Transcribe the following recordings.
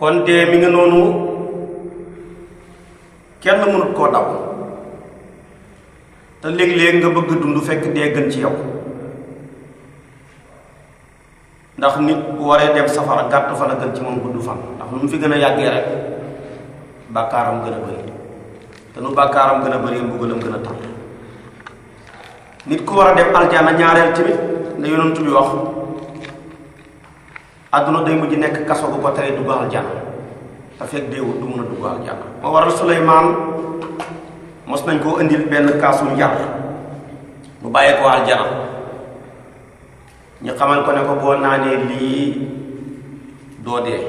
kon dee mi nga noonu kenn mënut koo daw te léeg-léeg nga bëgg dund fekk dee gën ci yow ndax nit bu waree dem safara gàtt fan a gën ci moom gudd fan ndax nu mu fi gën a yàggee rek bàkkaaram gën a bëri te nu bàkkaaram gën a bëri mbugalam gën a tar nit ku war a dem aljana ñaareel tamit la yonent bi wax àdduna day mujj nekk kaso bu ko teree dugg aljana te fekk deewul du mun a dugg aljana moo waral Suleymaan mos nañ koo indi benn kaasu njar mu bàyyee ñu xamal ko ne ko boo naanee lii doo dee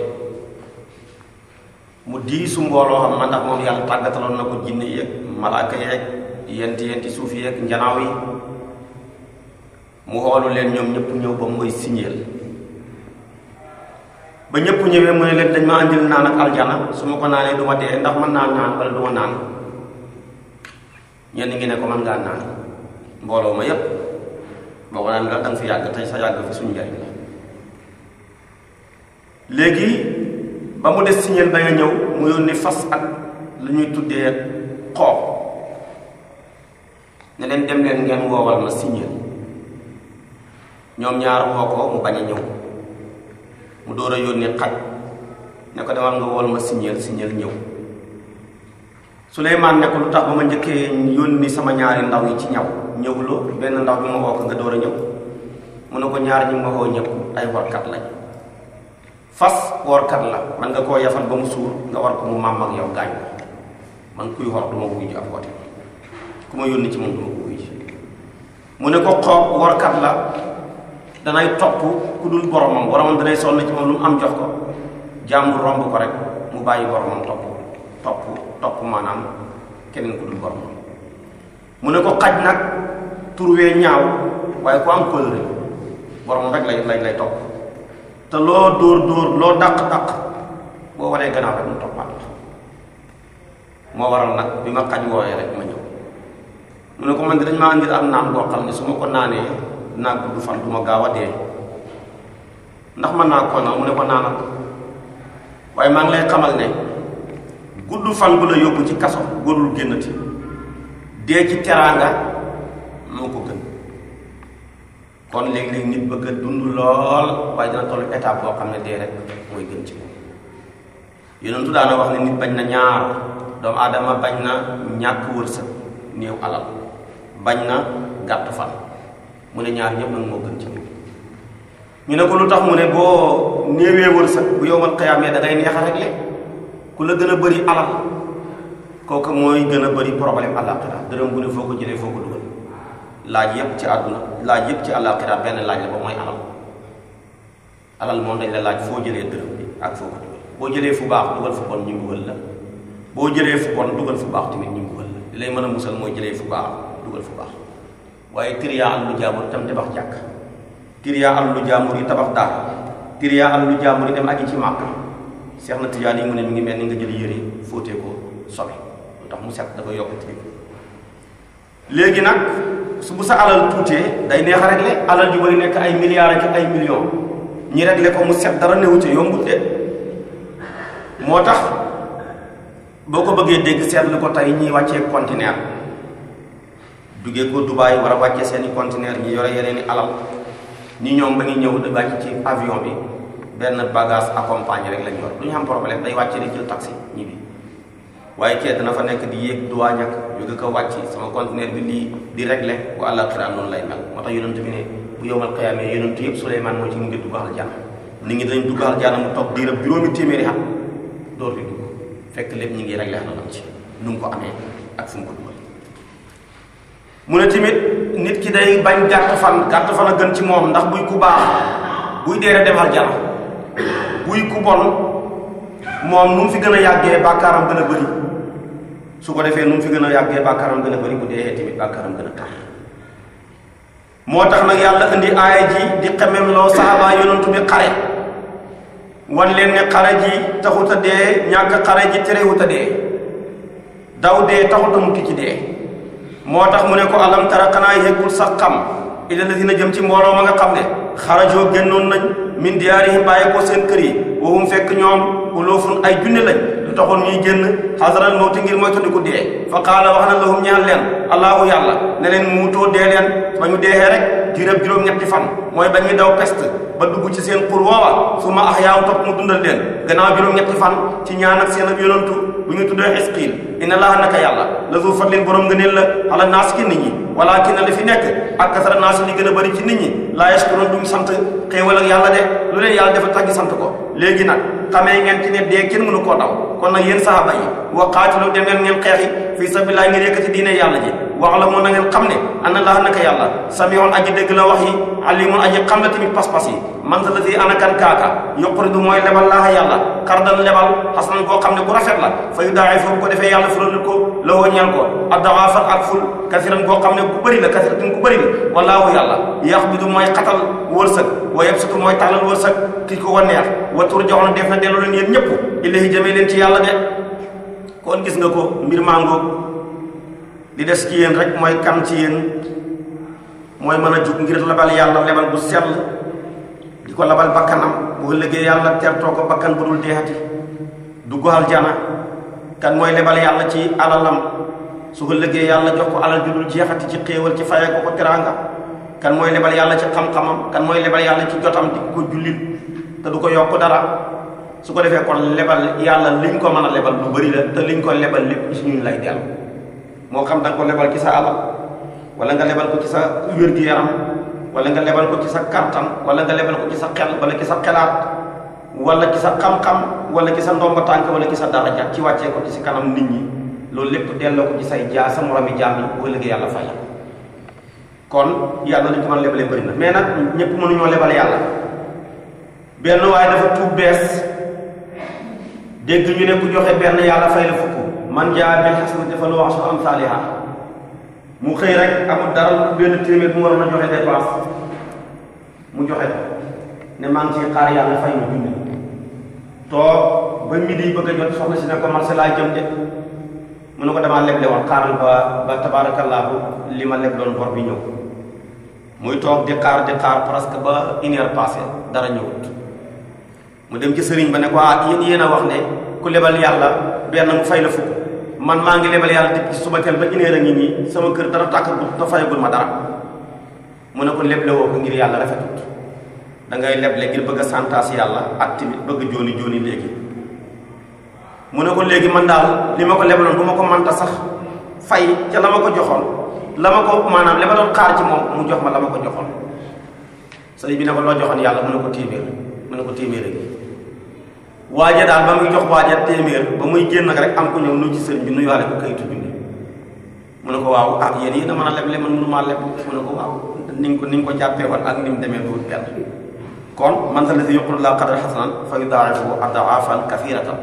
mu diisu mbooloo xam ma ndax moom yàlla tàggataloon na ko jinne yeeg malaaka yeeg yenti yenti suuf yeeg njanaaw yi mu xoolu leen ñoom ñëpp ñëw ba mooy signeel ba ñëpp ñëwee mu ne leen dañ ma andil naan ak aljana su ma ko naanee du ma dee ndax mën naa naan wala du naan ñenn ngi ne ko mën ngaa naan mbooloo ma yépp boo ko naan da nga fi yàgg tey sa yàgg fi suñu njariñ la léegi ba mu des si ñeen ba nga mu yónni fas ak lu ñuy tuddee xoob ne leen dem ngeen woowal ma si ñoom ñaar woo ko mu bañ a mu door a yónnee xaj ne ko demal nga wol ma signeel signeel ñëw Suleymaan ne lu tax ba ma njëkkee yónni sama ñaari ndaw yi ci ñaw ñëwuloo benn ndaw bi ma woo ko nga door a ñëw mu ne ko ñaar ñi ma woo ñëpp ay warkat lañ fas warkat la man nga koo yafal ba mu suur nga war ko mu maam ak yow gaañ man kuy war du ma wuyu ji ab woote yónni ci moom du ma wuyu mu ne ko xoob warkat la danay topp ku dul boromam boromam danay sonn ci moom lu mu am jox ko jàmbur romb ko rek mu bàyyi boromam topp topp topp maanaam keneen ku dul boromam mu ne ko xaj nag turwee ñaaw waaye ku am kóllëre boromam rek lay lay lay topp te loo dóor dóor loo dàq-dàq boo wanee gannaaw rek mu toppaat moo waral nag bi ma xaj wooyee rek ma ñëw mu ne ko man de dañ maa andil am naan boo xam ne su ma ko naanee dinaa gudd fan du gaaw a dee ndax mën naa ko na mu ne ko naanal waaye maa ngi lay xamal ne gudd fan bu la yóbbu ci kaso góorul génnati dee ci teraanga moo ko gën kon léegi-léegi nit bëgg a dund lool waaye dina tollu étape boo xam ne dee rek mooy gën ci moom daana wax ne nit bañ na ñaar doomu aadama bañ na ñàkk wërsëg néew alal bañ na gàtt fan mu ne ñaar ñëpp nag moo gën ci ñu ne ko lu tax mu ne boo néewee wërsëg bu yowmal xiyaamee da ngay neexal rek le ku la gën a bari alal kooku mooy gën a bari problème àllaaxira dërëm bu ne foo ko jëlee foo ko dugal laaj yëpp ci àdduna laaj yëpp ci àllaaxira benn laaj la ba mooy alal alal moom dañ la laaj foo jëlee dërëm bi ak foo ko dugal fu baax dugal fu bon ñu mbugal la boo jëlee fu bon dugal fu baax tamit ñu mbugal la li lay mën a musal mooy jëlee fu baax dugal fu waaye tiriyaa alalu jaamur itam tabax jàkk tiriyaa alalu jaamur yi tabax daal tiriyaa alalu jaamur yi dem aji ci màkk seex na tijaan yi mu ne mi ngi mel ni nga jël yére fóotee ko sobe lu tax mu set dafa yokk tilim léegi nag su bu sa alal tuutee day neex a réglé ay million ak ay ñi réglé ko mu set dara newu ci yombut moo tax boo ko bëggee dégg seetlu ko tey ñiy wàccee conteneur duggee ko Dubaay war a wàcce seeni conteneur ñi yore yeneen i alal ni ñoom ba ñu ñëw di wàcc ci avion bi benn bagage accompagné rek lañ yor du ñu am problème day wàcce rek jël taxi ñibbi waaye kee dana fa nekk di yéeg duwaa ñàkk jóge ko wàcc sama conteneur bi nii di réglé bu àllaaxira noonu lay mel moo tax yonent bi ne bu yowmal qiyaamee yonent yëpp Suleymaan moo ci mu ngi duggal aljana nit ñi dañ duggal aljana mu toog diirab juróomi dugg fekk lépp ñu ngi réglé xalalam ci nu mu ko amee ak fu mu mu ne tamit nit ki day bañ gàtt fan gàtt fan a gën ci moom ndax buy ku baax buy deere dem aljana buy ku bon moom mu fi gën a yàggee bàkkaaram gën a bëri su ko defee nu mu fi gën a yàggee bàkkaaram gën a bëri bu dee tamit bàkkaaram gën a tar moo tax nag yàlla indi aaya ji di xemem loo saaba yonantu bi xare wan leen ne xare ji taxut a dee ñàkk xare ji terewut a dee daw dee taxut a mucc ci dee moo tax mu ne ko alam tara xanaa yëggul sax xam ila lazina jëm ci mbooloo ma nga xam ne xarajoo génnoon nañ min diyaarihim bàyyi ko seen kër yi waxum fekk ñoom uloofun ay junne lañ lu taxoon ñuy génn xasaral mawti ngir mooy tuddiku dee fa qaala wax na lahum ñaan leen allahu yàlla ne leen muutoo dee leen ba ñu rek diirab juróom-ñetti fan mooy ba ñuy daw peste ba dugg ci seen xur woowa su ma ax yaaw topp mu dundal leen gannaaw juróom-ñetti fan ci ñaan seen ak yonantu bu ñu tuddee xisqiil inna laaha naka yàlla la zu fadlin borom ngëneel la ala naas ki nit ñi walaakin na li fi nekk ak kasara naas li gën a bëri ci nit ñi laa yashkuroon duñ sant xéewal ak yàlla de lu leen yàlla dafa taggi sant ko léegi nag xamee ngeen ci ne dee kenn mënu koo daw kon nag na ngeen xam ne anna laaha naka yàlla dégg la wax yi alimun aji xam la tamit pas-pas yi man sa lati anakan kaaka yuqridu mooy lebal laaha yàlla xardan lebal xasanan koo xam ne bu rafet la fa yu daayi foofu ko defee yàlla fulal ko lawoo ñeel ko addawaafan ak ful kasiran koo xam ne bu bëri la kasiratin ku bëri la wallaahu yàlla yaxbidu mooy xatal wërsëg wa yabsutu mooy tàllal wërsëg ki ko wa neex wa turjaxoon def na delloo leen yéen ñëpp illahi leen ci yàlla de kon gis nga ko mbir mango li des ci yéen rek mooy kam mooy mën a jug ngir labal yàlla lebal bu sell di ko labal bakkanam bu ëllëgee yàlla tertoo ko bakkan bu dul deexati dugg jana kan mooy lebal yàlla ci alalam su ëllëgee yàlla jox ko alal ju dul jeexati ci xéewal ci fayee ko ko teraanga kan mooy lebal yàlla ci xam-xamam kan mooy lebal yàlla ci jotam di ko jullit te du ko yokk dara su ko defee kon lebal yàlla liñ ko mën a lebal lu bëri la te liñ ko lebal lépp ci ñun lay dellu moo xam da nga ko lebal sa alal wala nga lebal ko ci sa wér-gu-yaram wala nga lebal ko ci sa kàttan wala nga lebal ko ci sa xel wala ci sa xelaat wala ci sa xam-xam wala ci sa ndomba tànk wala ci sa daraja ci wàccee ko ci si kanam nit ñi loolu lépp delloo ko ci say jaa sa moromi jaam yi bu ëllëgee yàlla fay kon yàlla nañu ko mën lebalee mais nag ñëpp mënuñoo lebal yàlla benn waaye dafa tuub bees dégg ñu ne ku joxe benn yàlla fay la fukk mu xëy rek amul dara benn téeméer bu mu waroon a joxe dépense mu joxe ko ne maa ngi xaar yàlla fay ma junni toog ba midi bëgg a jot soxna si ne ko man sa laa jëm de mu ne ko damaa leble woon xaaral ba ba li ma lebloon bor bi ñëw muy toog di xaar di xaar presque ba une heure passée dara ñëwut mu dem ci sëriñ ba ne ko ah yéen yéen a wax ne ku lebal yàlla benn mu fay la fukk man maa ngi lebal yàlla depuis suba teel ba une heure a sama kër dara tàkkagut bu fayagul ma dara mu ne ko leble woo ko ngir yàlla rafetut da leble ngir bëgg a santaas yàlla ak bëgg jooni jooni léegi mu ne ko léegi man daal li ma ko lebloon bu ma ko manta sax fay ca la ma ko joxoon la ma ko maanaam li xaar ci moom mu jox ma la ma ko joxoon sëriñ bi ne ko loo joxoon yàlla mu ne ko téeméer mu ne ko téeméer a waaja daal ba muy jox waaja téeméer ba muy génn nag rek am ko ñëw nu ci sëriñ bi nuyuwaale ko kayitu bi mu ne ko waaw ah yéen yéen a mën a leble man mënumaa ko waaw niñ ko niñ ko jàppee woon ak ni mu kon man a yoqulu laa qadar xasanan fa yudaa'ifu adaafan kasiiratan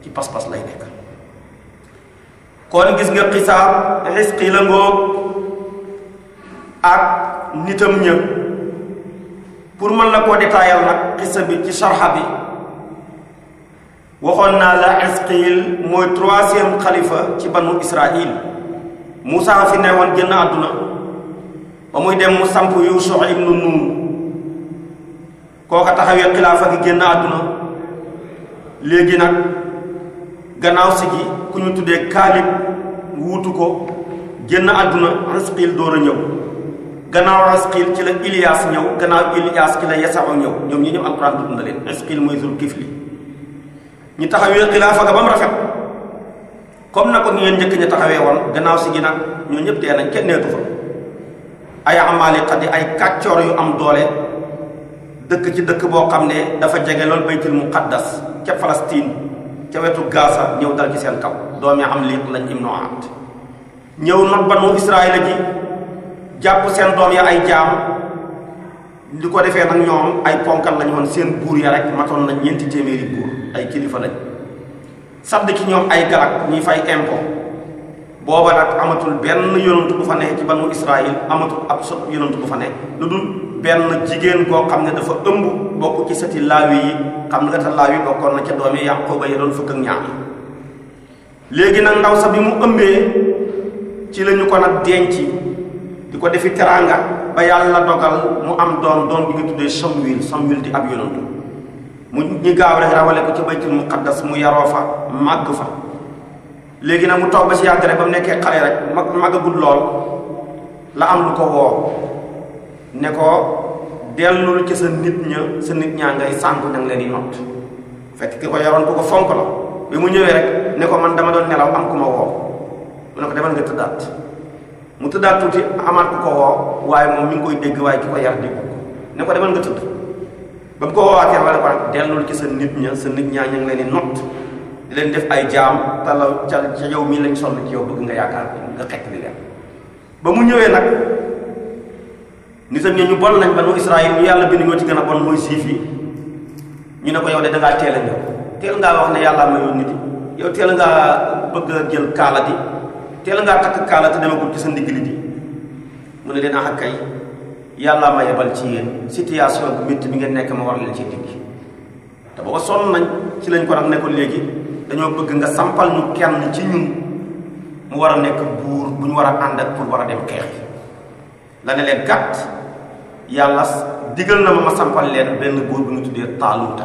ci pas-pas lay nekk kon gis nga xisaab xisqi la ngoog pour mën na koo détaayal nag xisa bi ci sarxa bi waxoon naa la Isqiil mooy troisième xalifa ci banu Israil Moussa fi newoon génn àdduna ba muy dem mu samp Yuusuf ibnu Nuun kooka taxawee xilaafa gi génn àdduna léegi nag gannaaw si gi ku ñu tuddee Kaalib wuutu ko génn àdduna Isqiil door a ñëw gannaaw Isqiil ci la Ilias ñëw gannaaw Ilias ci la Yasaw ñëw ñoom ñi ñëw Alxuraan dund na leen mooy zul kifli ñu taxawee xilaafa ga ba mu rafet comme na ko ñu leen njëkk ñu taxawee woon gannaaw si gi nag ñoo ñëpp dee nañ kenn neetu fa ay amaalekat di ay kàccoor yu am doole dëkk ci dëkk boo xam ne dafa jege lool baytul muqaddas ca Palestine ca wetu Gaza ñëw dal ci seen kaw doomi am liiq lañ Ibnu Aamd ñëw not banu Israayil ji jàpp seen doom ya ay jaam li ko defee nag ñoom ay ponkal lañu woon seen buur ya rek matoon nañ ñeenti téeméeri buur ay kilifa lañ sàdd ci ñoom ay galak ñuy fay impôt booba nag amatul benn yonantu bu fa ne ci banu Israël amatul ab sot yonantu bu fa ne lu dul benn jigéen koo xam ne dafa ëmb bokk ci sati laawi yi xam nga te laawi bokkoon na ca doom yi Yàqooba ya doon fukk ak ñaar léegi nag ndaw sa bi mu ëmbee ci la ñu ko nag denc di ko defi teraanga ba yàlla dogal mu am doom doom bi nga tuddee Samuel Samuel di ab yonantu mu ñu gaaw rek rawale ko ci baytul muqaddas mu yaroo fa màgg fa léegi nag mu toog si yàgg rek ba mu nekkee xale rek mag màggagul lool la am lu ko woo ne ko dellul ci sa nit ña sa nit ñaa sànku da nga fekk ko yaroon ko fonk bi mu ñëwee ne ko man dama nelaw am ku ma woo mu demal nga tëddaat mu tëddaat tuuti amaat ku ko woo waaye moom ñu ngi koy dégg waaye ki ko yar dégg ne ko demal nga tëdd ba mu ko woowaatee ba ne ko nag dellul ci sa nit ña sa nit ñaa ñu ngi leen di nott di leen def ay jaam talaw ca ca yow mii lañ sonn ci yow bëgg nga yaakaar nga xekk li leen ba mu ñëwee nag nitam ñi ñu bon nañ lañ banu Israël ñu yàlla bind ñoo ci gën a bon mooy siif yi ñu ne ko yow de da ngaa teel teel ngaa wax ne yàlla mayoon nit yi yow teel ngaa bëgg a jël kaala di teel ngaa takk kaala te demagul ci sa ndigg li di mu ne leen ak ah yàllaa ma yebal ci yéen situation bi métti bi ngeen nekk ma war leen ci digg te booba sonn nañ ci lañ ko def ne léegi dañoo bëgg nga sampal ñu kenn ci ñun mu war a nekk buur bu ñu war a ànd pour war a dem xeex bi leen gàtt yàlla digal na ma leen benn buur bu ñu tuddee taaluuta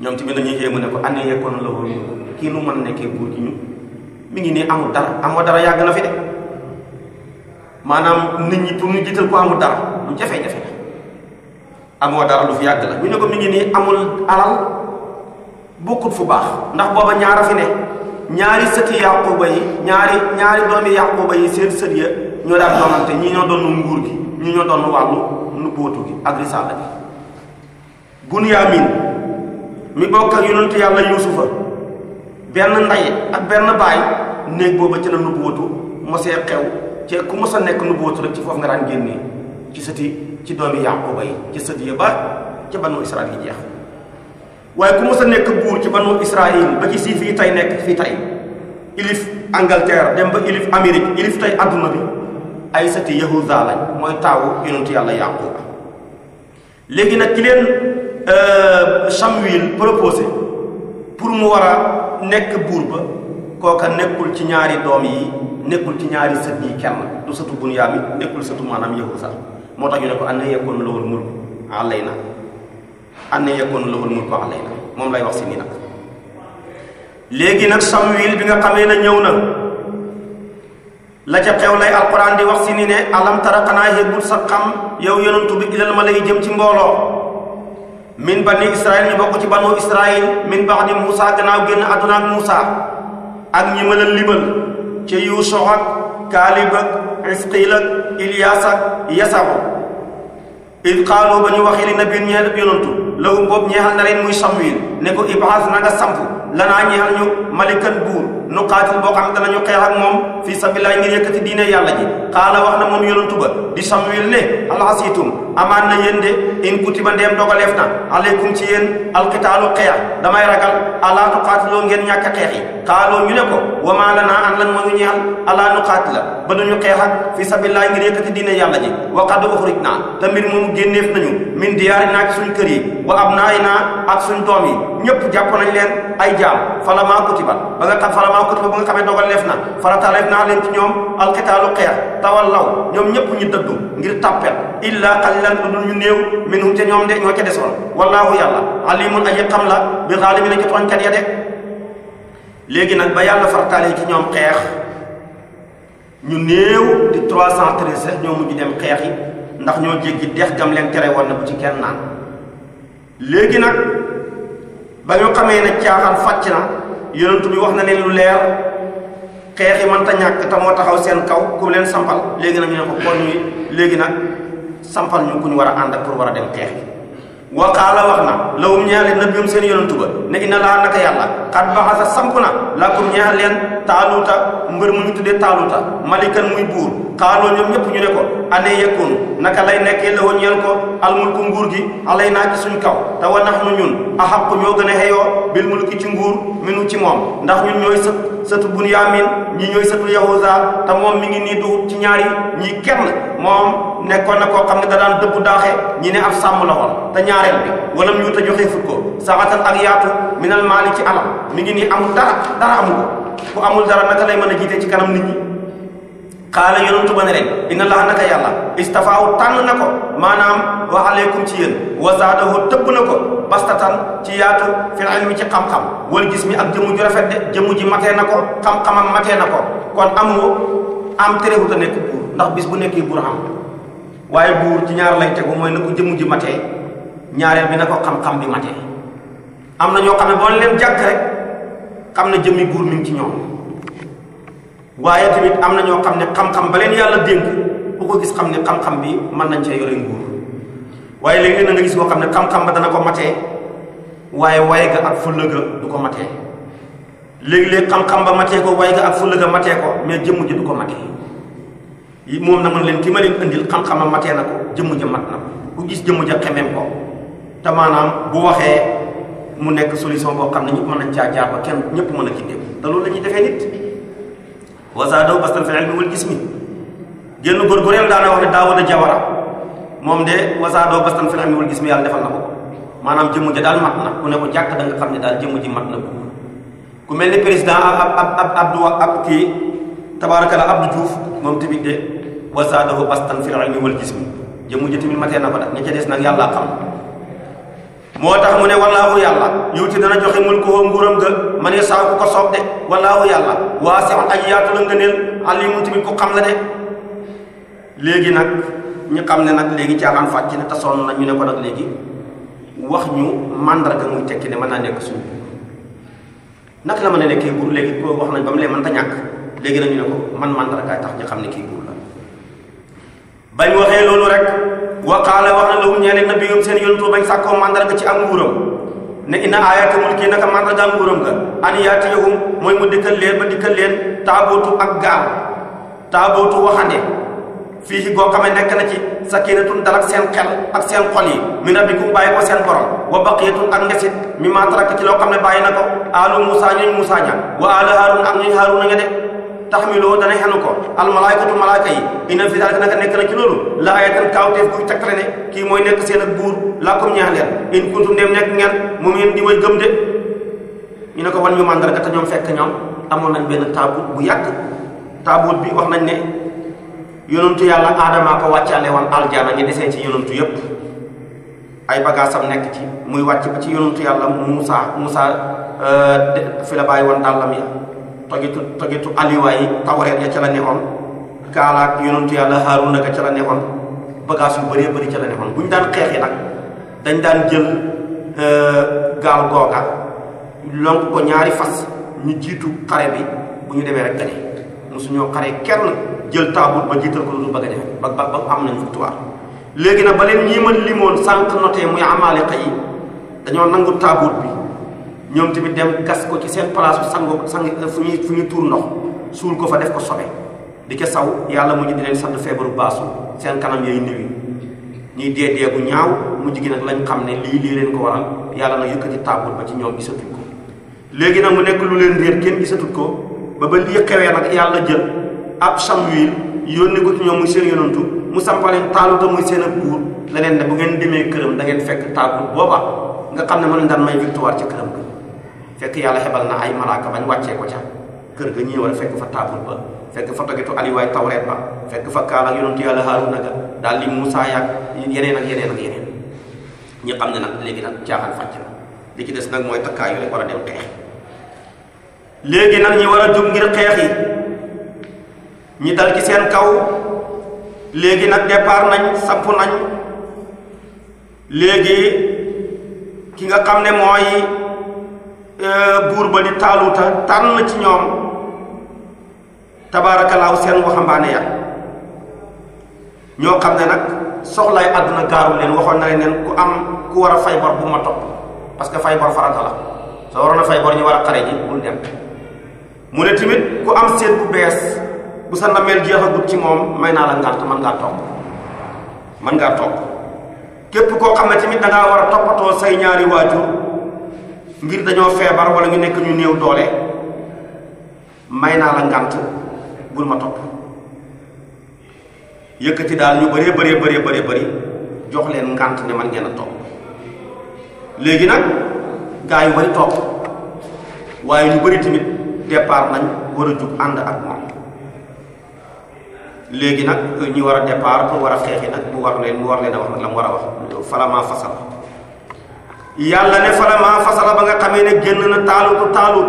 ñoom tamit dañuy yéemu ne ko année yekkoon la woon kii mu mën a nekkee buur ci ñun mi ngi nii amul dara amoo dara yàgg na fi maanaam nit ñi pour ñu jiital ko amul dara lu jafe-jafe la amoo dara lu fi yàgg la bu ñu ko mi ngi nii amul alal bokkut fu baax ndax booba ñaara fi ne ñaari sëti yàquba yi ñaari ñaari doomi yàquba yi seen sët ya ñoo daan doonante ñi ñoo doon nguur gi ñi ñoo doon wàllu nu bóotu gi ak risaala gi Bunyamin mi bokk ak yonentu yàlla yuusufa benn nday ak benn baay néeg booba ci la nu bóotu mosee xew ci ku mos sa nekk nu bootu rek ci foofu nga daan génnee ci sëti ci doomi yàquba yi ci sët yi ba ca banu israil yi jeex waaye ku mos a nekk buur ci banu israil ba ci si fii tey nekk fii tey ilif Angleterre dem ba ilif Amérique ilif tey adduna bi ay sëti yahuda lañ mooy taawu yonentu yàlla yàquba léegi nag ki leen euh, Samuel proposé pour mu war a nekk buur ba kooka nekkul ci ñaari doom yi nekkul ci ñaari sët yi kenn du sëtu Bunyamin nekkul sëtu maanaam yëngu sax moo tax ñu ne ko an na yekkoon lawul mulk alay na an na yekkoon lawul mulk alay na moom lay wax si nii nag. léegi nag Samuel bi nga xamee ne ñëw na la ca xew lay alquran di wax si ni ne alam tara xanaa yëgul sa xam yow yonantu bi ilal ma lay jëm ci mbooloo. min bani israil ñu bokk ci banu israil min baax di Moussa gannaaw génn àdduna ak Moussa ak ñi mën ca yuusox ak kaalib ak isqiil ak ilyaas ak yasaxu id qaalu ba ñu waxee i nabiin ñeel ab yonantu lawu boobu ñeexal na leen muy samwiil ne ko ibaas na nga samp lanaa ñeexal ñu malikan buur nu xaatil boo xam ne danañu xeex ak moom fii ngir yëkkati diine yàlla ji xaala wax na moom yonantu ba di Samuel ne alxasiitum amaan na yéen de in kutiba ndeem dogaleef na aleykum ci yéen alxitaalu xeex damay ragal alaa nu xaatiloo ngeen ñàkk xeex yi xaaloo ñu ne ko wamaa la naa an lan moo ñu ñeexal alaa nu xaatila ba duñu xeex ak fii sabilillah ngir yëkkati diine yàlla ji wa qad uxrij naa te mbir moomu génneef nañu min diyaari naa naa yi ñëpp jàpp nañ leen ay jaam falamaa kutiba ba nga xam falamaa kutiba ba nga xamee dogal leef na naa leen ci ñoom alxitaalu xeex tawallaw ñoom ñëpp ñu dëddu ngir tàppet illaa xalilan lu dul ñu néew minhum ca ñoom de ñoo ca desoon wallaahu yàlla alimun aji xam la bi xaalimiina ci tooñkat ya de léegi nag ba yàlla farataale ci ñoom xeex ñu néew di 313 ñoo mujj dem xeex yi ndax ñoo ji dex gam leen tere woon na bu ci kenn naan léegi nag ba ñu xamee ne caaxaan fàcc na yonent bi wax na leen lu leer xeex man ta ñàkk te moo taxaw seen kaw ku leen sampal léegi nag ñu ne ko kon ñuy léegi nag sampal ñu ku war a ànd pour war a dem xeex bi wa qaala wax na lawum ñaale nabiyum seen yonent ba ne na laa naka yàlla xat baxasa samp na lakum ñaal leen taaluuta mbër mu ñu tuddee taaluuta malikan muy buur xaaloo ñoom ñëpp ñu ne a anee yekkoon naka lay nekkee la woon ñeel ko almulku nguur gi alay naa ci suñ kaw te wa nax nu ñun axaqu ñoo gën a xeyoo bil mulki ci nguur nu ci moom ndax ñun ñooy sët sëtu bunyamin ñi ñooy sëtu yahuza te moom mi ngi nii du ci ñaari ñi kenn moom nekkoon na koo xam ne da daan dëbb daaxe ñi ne am sàmm la woon te ñaareel bi wala mu ñu te joxee ko saxatal ak yaatu minal maali ci alam mi ngi nii amul dara dara amul ko ku amul dara naka lay mën a ci kanam xaala yonantu ba ne leen inna laa naka yàlla istafaaw tànn na ko maanaam wa aleykum ci yéen wasaadahu tëbb na ko bastatan ci yaatu fil mi ci xam-xam wal gis mi ak jëmu ju rafet de jëmu ji mate na ko xam-xamam matee na ko kon amoo am terewut a nekk buur ndax bis bu nekkee buur am waaye buur ji ñaar lay tegu mooy na jëmm ji matee ñaareel bi na ko xam-xam bi matee am na ñoo xam ne boo leen jàkk rek xam na jëmmi buur mi ngi ci ñoom waaye tamit am na ñoo xam ne xam-xam ba leen yàlla dénk ku ko gis xam ne xam-xam bi man nañ cee yore nguur waaye léegi na nga gis koo xam ne xam-xam ba dana ko matee waaye way ga ak fulla du ko matee léegi-léeg xam-xam ba mate ko way ga ak fulla ga matee ko mais jëmm ji du ko matee moom na mën leen ki ma leen indil xam-xama matee na ko jëmm ja mat na ku gis jëmm ja xemeem ko te maanaam bu waxee mu nekk solution boo xam ne ñëpp mën nañ caa jaar ba kenn ñëpp mën a ci te loolu la defee nit wasaadaw bastan fil ilmi wal jismi génn góor góor yàlla daana wax ne daawud a jawara moom de wasaadaw bastan fil ilmi wal jismi yàlla defal na ko maanaam jëmm ji daal mat na ku ne ko jàkk da nga xam ne daal jëmm ji mat na ko ku mel ni président ab ab ab abdu ab kii tabaarakala Abdou Diouf moom tamit de wasaadahu bastan fil ilmi wal jismi jëmm ji tamit matee na ko da ña ca des nag yàlla xam moo tax mu ne wallaahu yàlla yuuti dana joxe mulkuhu nguuram ga man yasaa ku ko soob de wallaahu yàlla waasi'un aji yaatu la ngëneel aliimun tamit ku xam la de léegi nag ñu xam ne nag léegi caaxaan fàcc ne tasoon na ñu ne ko nag léegi wax ñu màndarga muy tekki ne mën naa nekk suñu buur naka la mën a nekkee buur léegi ko wax nañ ba mu lee mën ta ñàkk léegi nag ñu ne ko man màndargaay tax ñu xam ne kii buur bañ waxee loolu rek waqaala wax na lahum ñeele nabiyum seen yontu bañ sàkkoo mandarga ci am nguuram ne inna ayata mulki naka mandarga am nguuram nga an yaatiyahum mooy mu dikkal leen ba dikkal leen taabootu ak gaal taabootu waxande fii ci goo xame nekk na ci sakinatun dal ak seen xel ak seen xol yi bi rabbikum bàyyi ko seen borom wa baqiyatun ak ngesit mi ma taraka ci loo xam ne bàyyi na ko alu Musa ñuñ Musa ña wa ala Harun ak ñuñ Haruna taxmiloo dana xenu ko almalaykatu malaaka yi ina fi daalika naka nekk na ci loolu la ayatan kaawteef buy tegtale ne kii mooy nekk seen ak buur lakum ñeex leen in kuntum dem nekk ngeen moom ngeen di ñu ne ko wan ñu te ñoom fekk ñoom amoon nañ benn taabut bu yàgg taabut bi wax nañ ne yonantu yàlla aadamaa ko wàccaale woon aljaana ñu desee ci yonantu yépp ay bagaasam nekk ci muy wàcc ba ci yonantu yàlla Muusa Muusa euh, fi la bàyyi woon dàllam togetu togetu aliwaay tawreet ya ca la nekkoon kaalaak yonentu yàlla Haaruna ka ca la nekkoon bagage yu bëree bëri ca la nekkoon bu ñu daan xeexi nag dañ daan jël euh, gaal googa lonk ko ñaari fas ñu jiitu xare bi bu ñu demee rek gañe mosuñoo xare kenn jël taabut ba jiital ko lu bëgg a def ba ba ba am nañu victoire léegi nag ba leen ñii ma limoon sànq noté muy amaale xëy dañoo nangu taabut bi ñoom tamit dem gas ko ci seen place bu sango sang fu ñuy fu ñuy tuur ndox suul ko fa def ko sobe di ca saw yàlla mu ñu di leen sant feebaru baasu seen kanam yooyu niwi ñuy dee dee bu ñaaw mu gi nag lañ xam ne lii lii leen ko waral yàlla nag yëkkati taabul ba ci ñoom gisatuñ ko léegi nag mu nekk lu leen réer kenn gisatut ko ba ba lii xewee nag yàlla jël ab Samuel yónni ko ci ñoom muy seen tu mu sampaleen taaluta muy seen ak buur la leen ne bu ngeen demee këram da ngeen fekk taabul booba nga xam ne na daan may victoire ci fekk yàlla xebal na ay malaaka añ wàccee ko ca kër ga ñëwal fekk fa taabul ba fekk fa togetu aliwaay tawreet ba fekk fa kaalak yonentu yàlla Haaruna ga daal li Muusaa yaag yeneen ak yeneen ak yeneen ñi xam ne nag léegi nag caaxaan fàcc li ci des nag mooy takkaayu rek war a dem léegi nag ñi war a jóg ngir xeex yi ñi dal ci seen kaw léegi nag départ nañ samp nañ léegi ki nga xam ne mooy Euh, buur ba di taaluta tànn ci ñoom tabaarakalaaw seen waxambaane ya ñoo xam ne nag soxlaay àdduna gaaru leen waxoon na am ku war a fay bor parce que fay bor farata la soo waroon ne tamit ku am seet bu bees bu sa nameel jeexagut ci moom may naa la ngànt mën ngaa topp mën ngaa topp képp koo xam ne tamit dangaa war a toppatoo say ñaari waajur ngir dañoo feebar wala ñu nekk ñu néew doole may naa la ngànt bul ma topp yëkkati daal ñu bëree bëree bëree bëree bëri jox leen ngànt ne man ngeen a topp léegi nag gaa yu bari topp waaye ñu bëri tamit départ nañ war a jug ànd ak moom léegi nag ñi war a départ pour war a xeexi nag mu war leen mu war leen a wax nag la mu war a wax falamaa fasal yàlla ne fala maa fasala ba nga xamee ne génn na taalutu taalut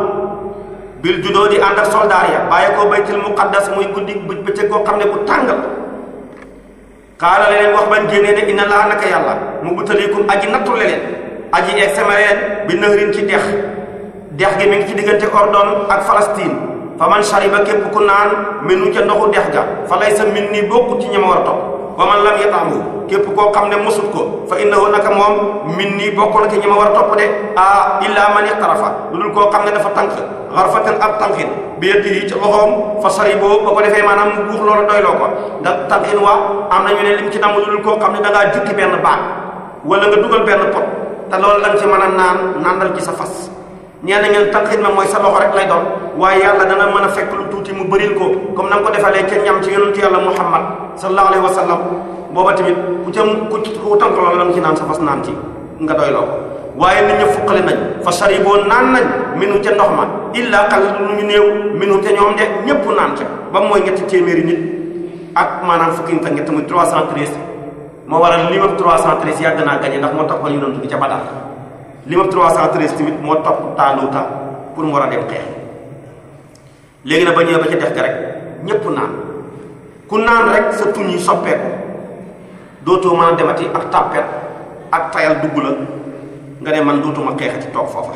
bil judoo di ànd ak soldaar ya bàyyi ko baytil muqaddas muy guddi bëccëg koo xam ne bu tàngal xaala leneen wax bañ génnee ne inna laa naka yàlla mu butalikum aji nattu leen aji exeme leen bi nëxrin ci dex dex gi mi ngi ci diggante Ordon ak Palestine fa man shariba képp ku naan minu ca ndoxu dex ga fa laysa min nii bokku ci ñama a topp wa man lam yatamu képp koo xam ne mosut ko fa innahu naka moom min nii bokk na ci ñi ma war topp de ah illa man iqtarafa lu dul koo xam ne dafa tànk xarfatan ab tànkin di yadihi ca loxoom fa sari boobu ba ko defee maanaam mu guux loolu doyloo ko da tànkin waa am nañu ne lim ci namm lu dul koo xam ne da ngaa benn baat wala nga dugal benn pot te loolu lañ ci mën a naan nandal ci sa fas ñeen na ngeen tànqit ma mooy sa loxo rek lay doon waaye yàlla dana mën a fekk lu tuuti mu bëril ko comme na nga ko defalee ca ñam ci yonentu yàlla muhammad sallallahu alayhi wa booba tamit ku ca ku tànk la mu ci naan sa fas naan ci nga doy loo waaye nit ña fuqali nañ fa shariboo naan nañ minu ca ndox ma illa lu ñu néew minu ca ñoom de ñëpp naan ca ba mooy ñetti téeméeri nit ak maanaam fukki nit ak ñett muy 313 moo waral li ma 313 yàgg naa gañe ndax moo tax ba limam 313 tamit moo topp taaluuta pour mu war a dem xeex léegi nag bañ ñëwee ba ca def ga rek ñépp naan ku naan rek sa tuñ yi soppeeku dootoo mën a demati ak tàppet ak tayal dugg la nga ne man dootuma xeexati toog foofa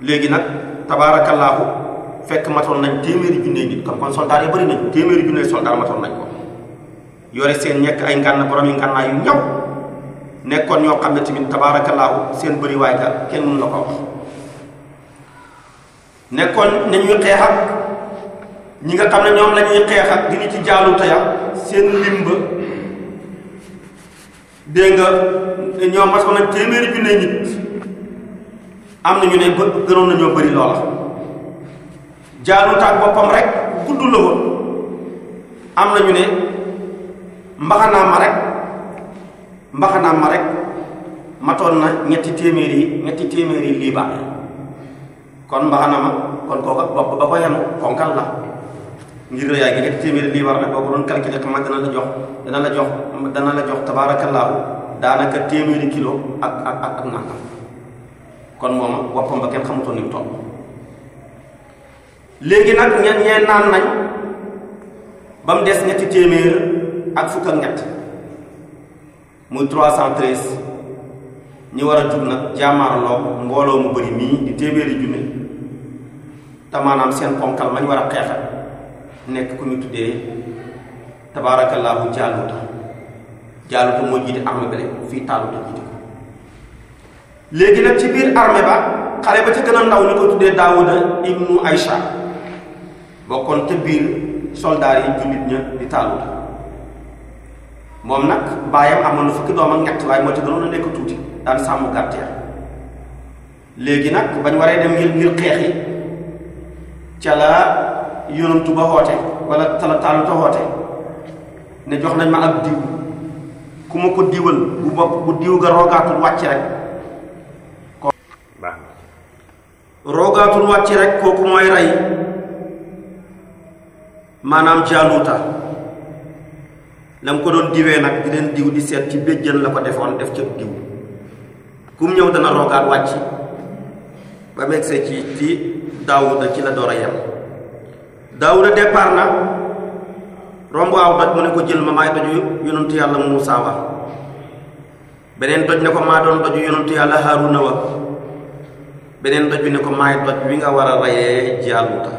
léegi nag tabaarakallaahu fekk matoon nañ téeméeri junne nit comme kon soldaar yi bëri nañ téeméeri junne soldaar matoon nañ ko yore seen ñekk ay ngànn borom yi ngànnaay nekkoon ñoo xam ne tamit tabaarakallaahu seen bëri waay ka kenn mënu la ko nekkoon nañuy xeex ak ñi nga xam ne ñoom lañuy ñuy xeex di ñu ci jaalu taya seen limba dégg nga ñoom parce que nag téeméeri nit am na ñu ne gënoon nañoo bëri loola jaaluta boppam rek gudd la woon am na ñu ne mbaxanaama rek mbaxanaam ma rek matoon na ñetti téeméer yi ñetti téeméeri yi lii baax kon mbaxana ma kon kooka bopp ba ko yenu konkal la ngir rëyaay gi ñetti téeméeri lii war na boo ko doon calculé xamante dana la jox dana la jox dana la jox tabaarakallaahu daanaka téeméeri kilo ak ak ak ak nangam kon mooma woppam ba kenn xamutoon ni mu léegi nag ñe ñee naan nañ ba des ñetti téeméer ak fukk ak muy 313 ñi war a jug nag jaamaarloo mbooloo mu bëri nii ñu téeméeri junne te seen ponkal mañ war a xeexal nekk ku ñu tuddee tabaarakallaahu jaaluta jaaluta moo jiite armée bi rek fii taaluta jiite ko léegi nag ci biir arme ba xale ba ci gën a ndaw ñu ko tuddee daawuda ibnu aysha bokkoon te biir soldaar yi jullit ña di taaluta moom nag baayam amoon na fukki doom ak ñett waaye moo ci gënoon a nekk tuuti daan sàmm gàtt ya léegi nag bañ waree dem ngir ngir xeex ca la yonantu ba xoote wala tala taaluta xoote ne jox nañ ma ab diw ku ma ko diwal bu bopp bu diw ga roogaatul wàcc rek rek kooku mooy rey maanaam jaaluuta la mu ko doon diwee nag di leen diw di seet ci béjjën la ko defoon def ca diw kum ñëw dana roogaat wàcc ba megsee ci ci ci la door a yem daawuda départ na romb aw doj mu ne ko jël ma maay doju yonentu yàlla Muusaa wa beneen doj ne ko maa doon doju yonentu yàlla Haaruna wa beneen doj bi wi nga war a reyee Jaaluuta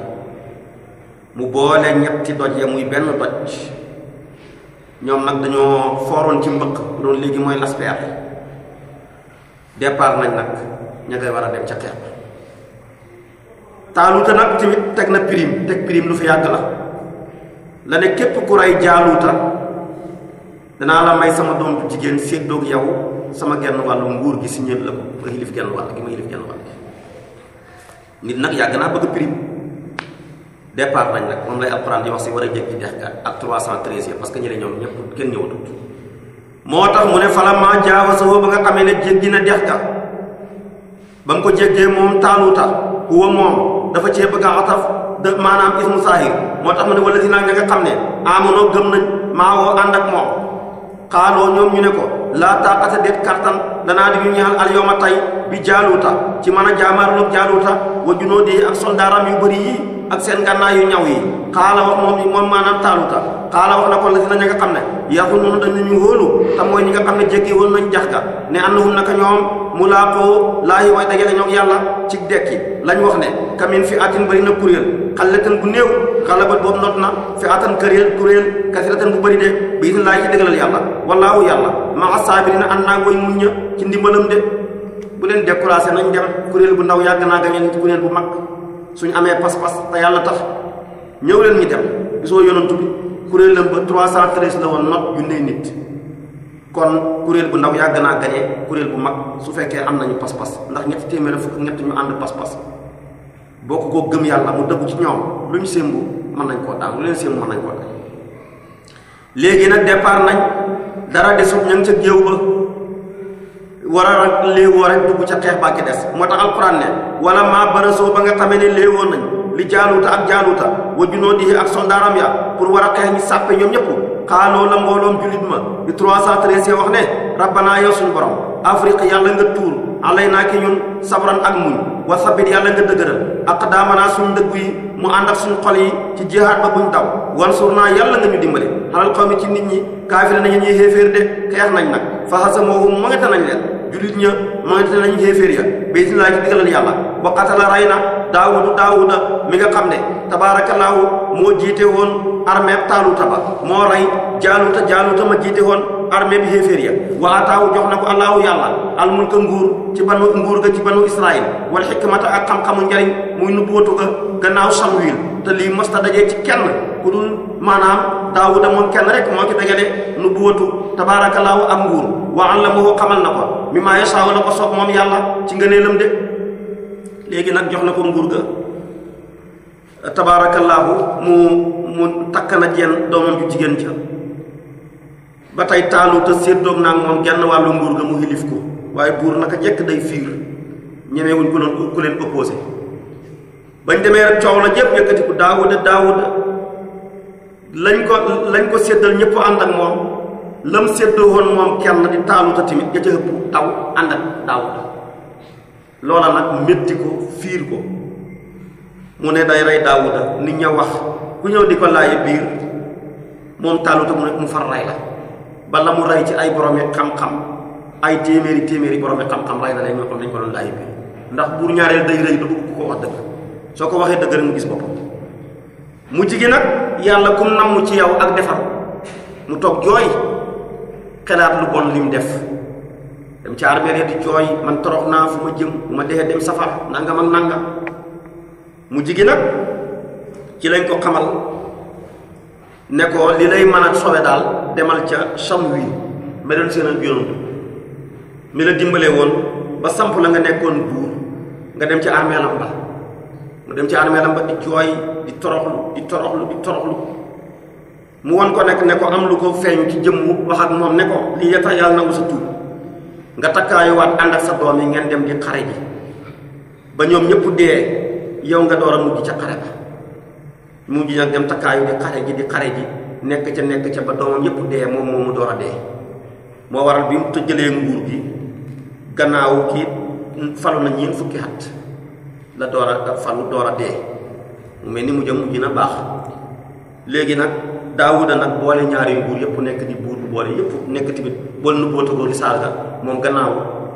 mu boole ñetti doj ya muy benn doj ñoom nag dañoo fooroon ci mbëq loolu léegi mooy laspeer départ nañ nag ña ngay war a dem ca xeex ba taaluuta nag tamit teg na prime teg prime lu fi yàgg la la ne képp ku rey jaaluuta danaa la may sama doom jigéen séddoog yow sama genn wàllu nguur gi si ñël la ma xilif genn wàll gi ma xilif genn wàll gi nit nag yàgg naa bëgg prime départ nañ nag moom lay alxuraan di wax si war a jéggi dex ga ak 313 ya parce que ñeneen ñoom ñëpp kenn ñëwatut moo tax mu ne falammaa jaawazahu ba nga xamee ne jéggi na dex ga ba mu ko jéggee moom taaluuta huwa moom dafa cee bëgg a ataf de maanaam ismu saahir moo tax mu ne wala si nag nga xam ne amonoo gëm nañ maa ànd ak moom xaaloo ñoom ñu ne ko laa taaqata déet kartan danaa di ñu ñaal al yawma bi jaaluuta ci mën a jaamaarloog jaaluuta wa ak seen gànnaay yu ñaw yi xaala wax moom moom maanaam taaluka xaala wax na ko la si na ña nga xam ne yaxul noonu dañ nañu wóolu te mooy ñi nga xam ne jéggi woon nañ jax ga ne annahum naka ñoom mu laa koo laa yi way daje nañoo yàlla ci dekki lañ wax ne kamin fi atin bëri na kuréel xallatan bu néew xalabat boobu not na fi atan këréel kuréel kasiratan bu bëri de bi itin laa ci dëggalal yàlla wallaahu yàlla maa saabirina an naa way de bu leen découragé nañ dem kuréel naa gañe kuréel bu suñu amee pas-pas te yàlla tax ñëw leen ñu dem gisoo yonantu bi kuréelam ba 313 la woon not junney nit kon kuréel bu ndaw yàgg naa gañe kuréel bu mag su fekkee am nañu pas-pas ndax ñetti téeméer fukk ñett ñu ànd pas-pas boo ko koo gëm yàlla mu dëggu ci ñoom lu ñu sémbu mën nañ koo daan lu leen sémbu mën nañ koo daan léegi nag départ nañ dara desut ña ngi ca géew ba war a léewoo rek dugg ca xeex baa ci moo tax alquran ne wala maa barasoo ba nga xamee ne léewoon nañ li jaaluuta ak jaaluuta wa junoodihi ak soldaaram ya pour war a xeex ñi sàppe ñoom ñëpp xaaloo la mbooloom jullit ma di 313 wax ne rabbanaa yow suñu borom afrique yàlla nga tuur alay naa ki ñun sabran ak muñ wa sabit yàlla nga dëgëral ak daamanaa suñ ndëggu yi mu ànd ak suñ ci jihaat ba buñ daw wansur naa yàlla nga ñu dimbale xalal xaw mi julit ña moytu nañ xéeféer ya bii si laa ci digalal yàlla wa qatala rey na daawudu daawuda mi nga xam ne tabaarakallaahu moo jiite woon armée taaluta ba moo rey jaaluta jaaluta ma jiite woon armée bi xéeféer ya wa ataawu jox na ko allaahu yàlla almulka nguur ci banu nguur ga ci banu israil wal xikmata a xam-xamu njariñ muy nubuwatu ga gannaaw samwil te lii mësta daje ci kenn ku dul maanaam daawuda moom kenn rek moo ci de nu buwatu tabaarakallaahu ak nguur wa allamahu xamal na ko mi maa yasaaw la ko soob moom yàlla ci ngëneelam de léegi nag jox na ko nguur ga tabaarakallaahu mu mu takk na jenn doomam ju jigéen ca ba tey taalu te séet doom naa moom genn wàllu nguur ga mu xilif ko waaye buur naka jekk day fiir ñemewuñ ku leen ku leen opposé bañ demee rek coow la ñëpp yëkkati ko daawuda daawuda lañ ko lañ ko séddal ñëpp ànd ak moom la mu séddoo woon moom kenn di taaluta tamit ga ca ëpp taw ànd ak daawuda loola nag métti ko fiir ko mu ne day rey daawuda nit ña wax ku ñëw di ko laaye biir moom taaluta mu ne mu far rey la ba mu rey ci ay boromi xam-xam ay téeméeri téeméeri boromi xam-xam rey la la ñoo xam dañ ko doon laaye biir ndax buur ñaareel day rëy du ko wax dëgg soo ko waxee dëgg gis boppam mu jigi nag yàlla kum namm ci yow ak defar mu toog jooy xalaat lu bon lim def dem ci armeel di jooy man torox naa fu ma jëm bu ma dee dem safar nangam ak nangam mu jigi nag ci lañ ko xamal ne ko li lay mën a sowe daal demal ca sam wi ma seen ak yonantu mi la dimbalee woon ba samp la nga nekkoon buur nga dem ci armeelam ba mu dem ci armeelam ba di jooy di toroxlu di toroxlu di toroxlu mu won ko nekk ne ko am lu ko feeñ ci jëmm wax ak moom ne ko lii ya tax yàlla nangu sa tuub nga takkaayuwaat ànd ak sa doom yi ngeen dem di xare ba ñoom ñépp dee yow nga door a mujj ca xare ba mujj nag dem takkaayu di xare di xare nekk ca nekk ca ba doomam yëpp dee moom moo mu door a dee moo waral bi mu tëjjalee nguur gi gannaaw kii falu na ñeent fukki at la door a falu door a dee mu mel ni mu jëm mujj na baax léegi nag daawuda nag boole ñaari buur yëpp nekk di buur bu boole yëpp nekk tamit boole nu bóota boo risaal ga moom gannaaw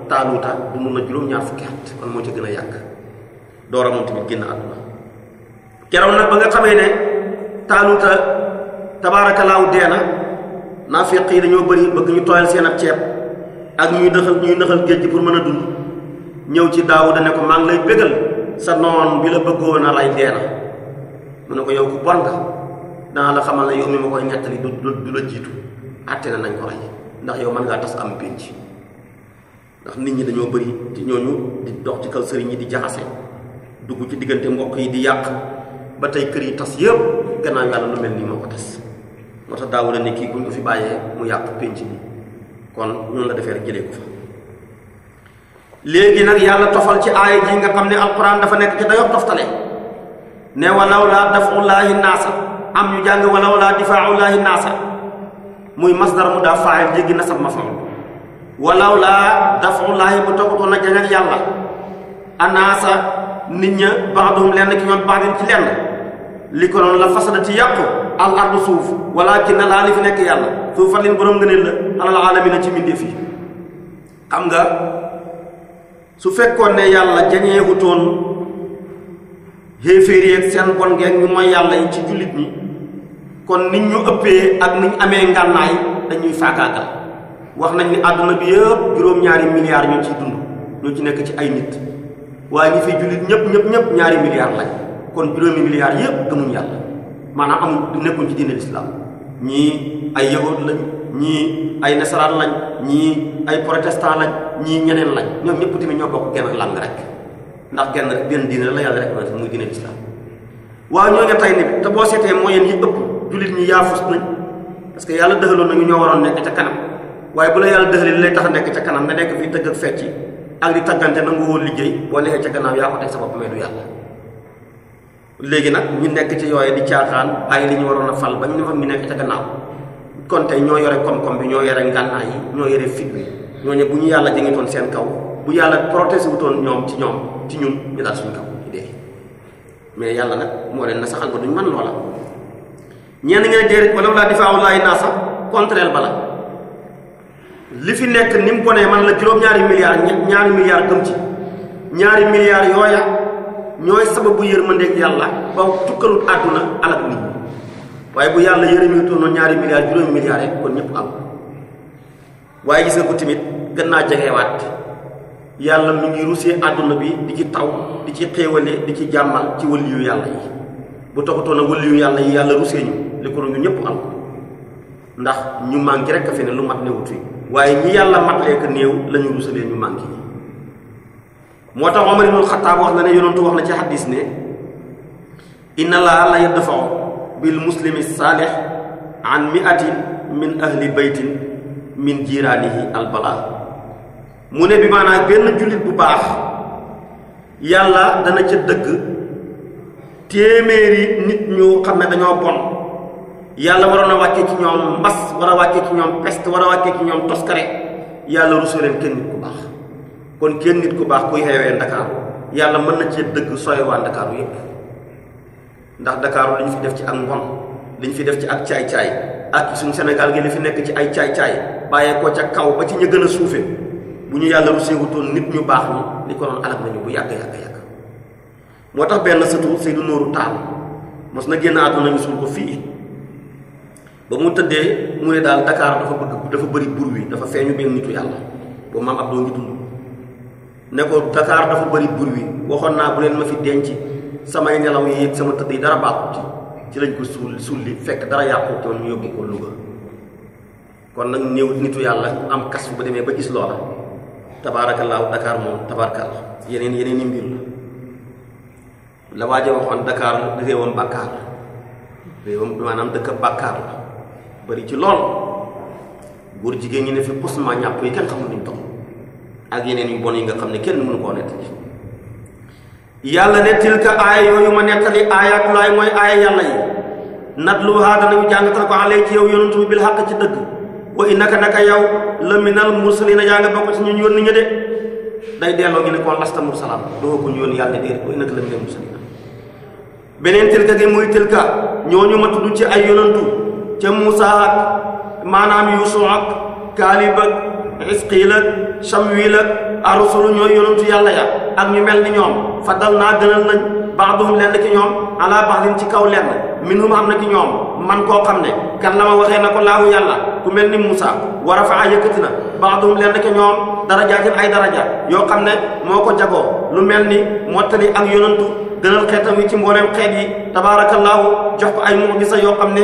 taaluuta du na juróom-ñaar fukki at kon moo ci gën a yàgg door a moom tamit génn àdduna keroog nag ba nga xamee ne taaluuta tabaarakallaahu dee na naafiq yi dañoo bëri bëgg ñu tooyal seen ab ceeb ak ñuy nëxal ñuy nëxal géej gi mën a dund ñëw ci daawuda ne ko maa ngi sa noon bi la bëggoon a rey dee na mu ne ko yow ku bon nga danaa la xamal ne yow mi ma koy ñettali du du la jiitu àtte na nañ ko rey ndax yow mën ngaa tas am pénc ndax nit ñi dañoo bëri te ñooñu di dox ci kaw sëriñ yi di jaxase dugg ci diggante mbokk yi di yàq ba tey kër yi tas yëpp gannaaw yàlla lu mel nii moo ko tas moo tax daawul ne kii ku ñu ko fi bàyyee mu yàq pénc bi kon ñun la defee rek jëlee ko fa léegi nag yàlla tofal ci aaya ji nga xam ne alquran dafa nekk ci dayob toftale ne walaw laa dafullaahi naasa am ñu jàng walaw laa difaaulaahi naasa muy masdar mu daa faayil jéggi na sab mafaul walaw laa dafullaahi bu toppatoon na jañal yàlla anaasa nit ña baaduhum lenn ki ñoom baadin ci lenn li la noonu la fasadati yàqu al ardu suuf walakin laa li fi nekk yàlla suuf fa leen borom ngëneel la alal aalamiina ci mbindeef yi xam nga su fekkoon ne yàlla jañeewutoon xéeféer yeeg seen bon ngeeg ñu mooy yàlla yi ci jullit ñi kon nit ñu ëppee ak niñ amee ngànnaay dañuy faagaagal wax nañ ni àdduna bi yëpp juróom-ñaari milliards ñoo ci dund ñoo ci nekk ci ay nit waaye ñi fi jullit ñëpp ñëpp ñëpp ñaari milliards lañ kon juróomi milliards yëpp gëmuñ yàlla maanaam amul du nekkuñ ci diine lislaam ñii ay yahud lañ ñii ay nasaraan lañ ñii ay protestant lañ ñii ñeneen lañ ñoom ñëpp tamit ñoo bokk genn làng rek ndax genn rek benn diine la yàlla rek ma muy diine lislaam waaw ñoo nga tey ni te boo seetee moyen yi ëpp jullit ñi yaafus nañ parce que yàlla dëxaloon nañu ñoo waroon nekk ca kanam waaye bu la yàlla dëxalee li lay tax a nekk ca kanam nga nekk fii tëgg ak fecc ak di tàggante nangu woon liggéey boo nekkee ca gannaaw yaa ko teg sa bopp mais du yàlla léegi nag ñu nekk ci yooye di caaxaan ay li ñu waroon a ba ñu ne fa ca gannaaw kon tey ñoo yore koom bi ñoo yore ngànnaay yi ñoo yore fit bi ñooñu bu ñu yàlla jëngitoon seen kaw bu yàlla protégé wutoon ñoom ci ñoom ci ñun ñu daal suñu kaw ñu dee mais yàlla nag moo leen na saxal ba duñ mën loola. ñenn ngeen déedéet wala wala difaawullaahi naa sax contraire bala li fi nekk ni mu bonee man la juróom-ñaari milliards ñaari milliards gëm ci ñaari milliards yooya ñooy sababu yërmandeeg yàlla ba tukkalut àdduna alal nit waaye bu yàlla yërëmee toon noonu ñaari milliards juróomi milliards rek kon ñëpp am waaye gis nga ko tamit gën naa jegewaat yàlla mu ngi rusee àdduna bi di ci taw di ci xéewale di ci jàmmal ci wëliyu yàlla yi bu taxutoon a yàlla yi yàlla rusee li ko ñu ñëpp am ndax ñu manqué rek a fi ne lu mat newut fi waaye ñi yàlla matlee ko néew la ñu rusalee ñu manqué ñi moo tax Omar ibnul wax na ne yonentu wax na ci xaddis ne inna laa la yadfa'u bil muslimi saalih an mi'atin min ahli baytin min jiiraanihi albala mu ne bi maanaam benn jullit bu baax yàlla dana ca dëgg téeméeri nit ñu xam ne dañoo bon yàlla waroon a wàccee ci ñoom mbas war a wàccee ci ñoom peste war a wàccee ci ñoom toskare yàlla rusaleen kenn nit ku baax kon kenn nit ku baax kuy xeewee ndakaaru yàlla mën na cee dëgg sooy waa ndakaaru yépp ndax Dakar li ñu fi def ci ak mbon li ñu fi def ci ak caay-caay ak suñu Sénégal gi li fi nekk ci ay caay-caay bàyyee ko ca kaw ba ci ñu gën a suufe bu ñu yàlla rusee wutoon nit ñu baax ñi li ko doon alak nañu bu yàgg tax benn sëtu Seydou Nourou Tall mos na génn àdduna ñu suul ko fii ba mu tëddee mu ne daal Dakar dafa bëgg dafa bëri bur wi dafa feeñu benn nitu yàlla boobu maam ab doo ngi dund ne ko Dakar dafa bëri bur wi waxoon naa bu leen ma fi denc samay nelaw yi sama tëdd yi dara baaxut ci lañ ko suul sulli fekk dara yàqu toon ñu yóbbu ko Louga kon nag néew nitu yàlla am kas bu demee ba gis loola tabaarakallaahu Dakar moom tabaarakallaa yeneen la la waaja waxoon Dakar réewam bàkkaar la réewam maanaam dëkk bari ci lool góor jigéen ñi ne fi posement ñàpp yi kenn xamul nuñ tox ak yeneen yu bon yi nga xam ne kenn mënu koo nett yàlla ne tilka aaya yooyu ma nettali aayaatulaay mooy aaya yàlla yi natluhaa danañu jàngatal ko alay ci yow yonantu bi bil xàq ci dëgg wa innaka naka yow la minal mursaliina yaa nga bokk ci ñun yónni ña de day delloo gi ne ko lasta mursalaam doo ko ñu yónni yàlla déer wa innaka la minal mursaliina beneen tilka gi muy tilka ñooñu ma tudd ci ay yonantu ca Muusaa maanaam Yuusu ak Kaalib ak arusulu ñooy yonantu yàlla ya ak ñu mel ni ñoom faddal naa gënal nañ baaduhum lenn ki ñoom ala baadin ci kaw lenn minhum am na ki ñoom man koo xam ne kan la ma waxee na ko laahu yàlla ku mel ni Muusa wa rafaa yëkkati na baaduhum lenn ki ñoom darajaatin ay daraja yoo xam ne moo ko jagoo lu mel ni mottali ak yonantu gënal xeetam yi ci mbooleem xeet yi tabaarakallaahu jox ko ay mu'jiza yoo xam ne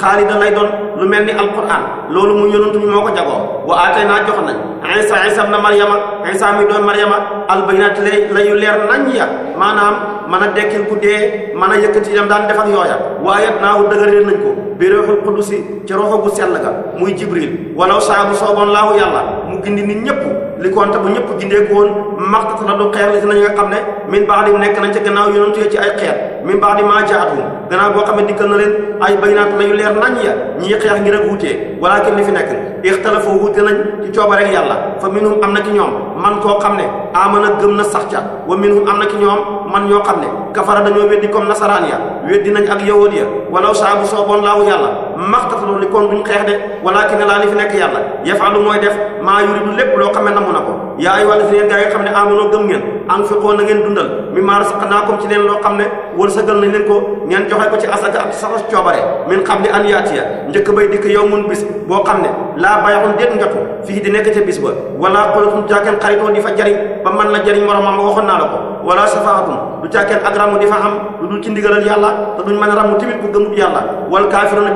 xaalida lay doon lu mel ni alquran loolu mu yonent bi moo ko jagoo wa aatay naa jox nañ Isa Isa na Maryama Isa mi doon Maryama albayinat lay layu leer nañ ya maanaam mën a dekkil ku dee mën a yëkkati yam daan def ak yooya waaye naaw dëgëree nañ ko bi ruuxul qudusi ci roxo bu sell ga muy Jibril walaw saa bu sooboon laahu yàlla mu gindi nit ñëpp li konte bu ñëpp gindeeku woon maxtat la du xeer li si nañu nga xam ne min baax di nekk nañ ca gannaaw yonentu ci ay xeer min baax di maa jaatum gannaaw boo xam ne dikkal na leen ay baynaat la yu leer nañ ya ñii xeex ngir ak wuutee walaakin li fi nekk ixtalafu wuute nañ ci coobarek yàlla fa minhum am na ki ñoom man koo xam ne amana gëm na sax ca wa minhum am na ki ñoom man ñoo xam ne kafara dañoo weddi comme nasaraan ya weddi nañ ak yahuud ya walaw saabu sooboon laahu yàlla maxtataloon li kon duñ xeex de walakin laa li fi nekk yàlla yafalu mooy def maa yuridu lépp loo xam ne namu na ko yaa ay wàlla fi neen yi xam ne amonoo gëm ngeen an fi xoon na dundal mi maar saqnaakum ci leen xam ne wërsëgal nañ leen ko ngeen joxe ko ci asaka ak saxas coobare min xam li an yaatiya njëkk bay dikk yow mun bis boo xam ne laa bayaxun déet njotu fii di nekk ca bis ba wala xolotum jàkkeen xaritoo di fa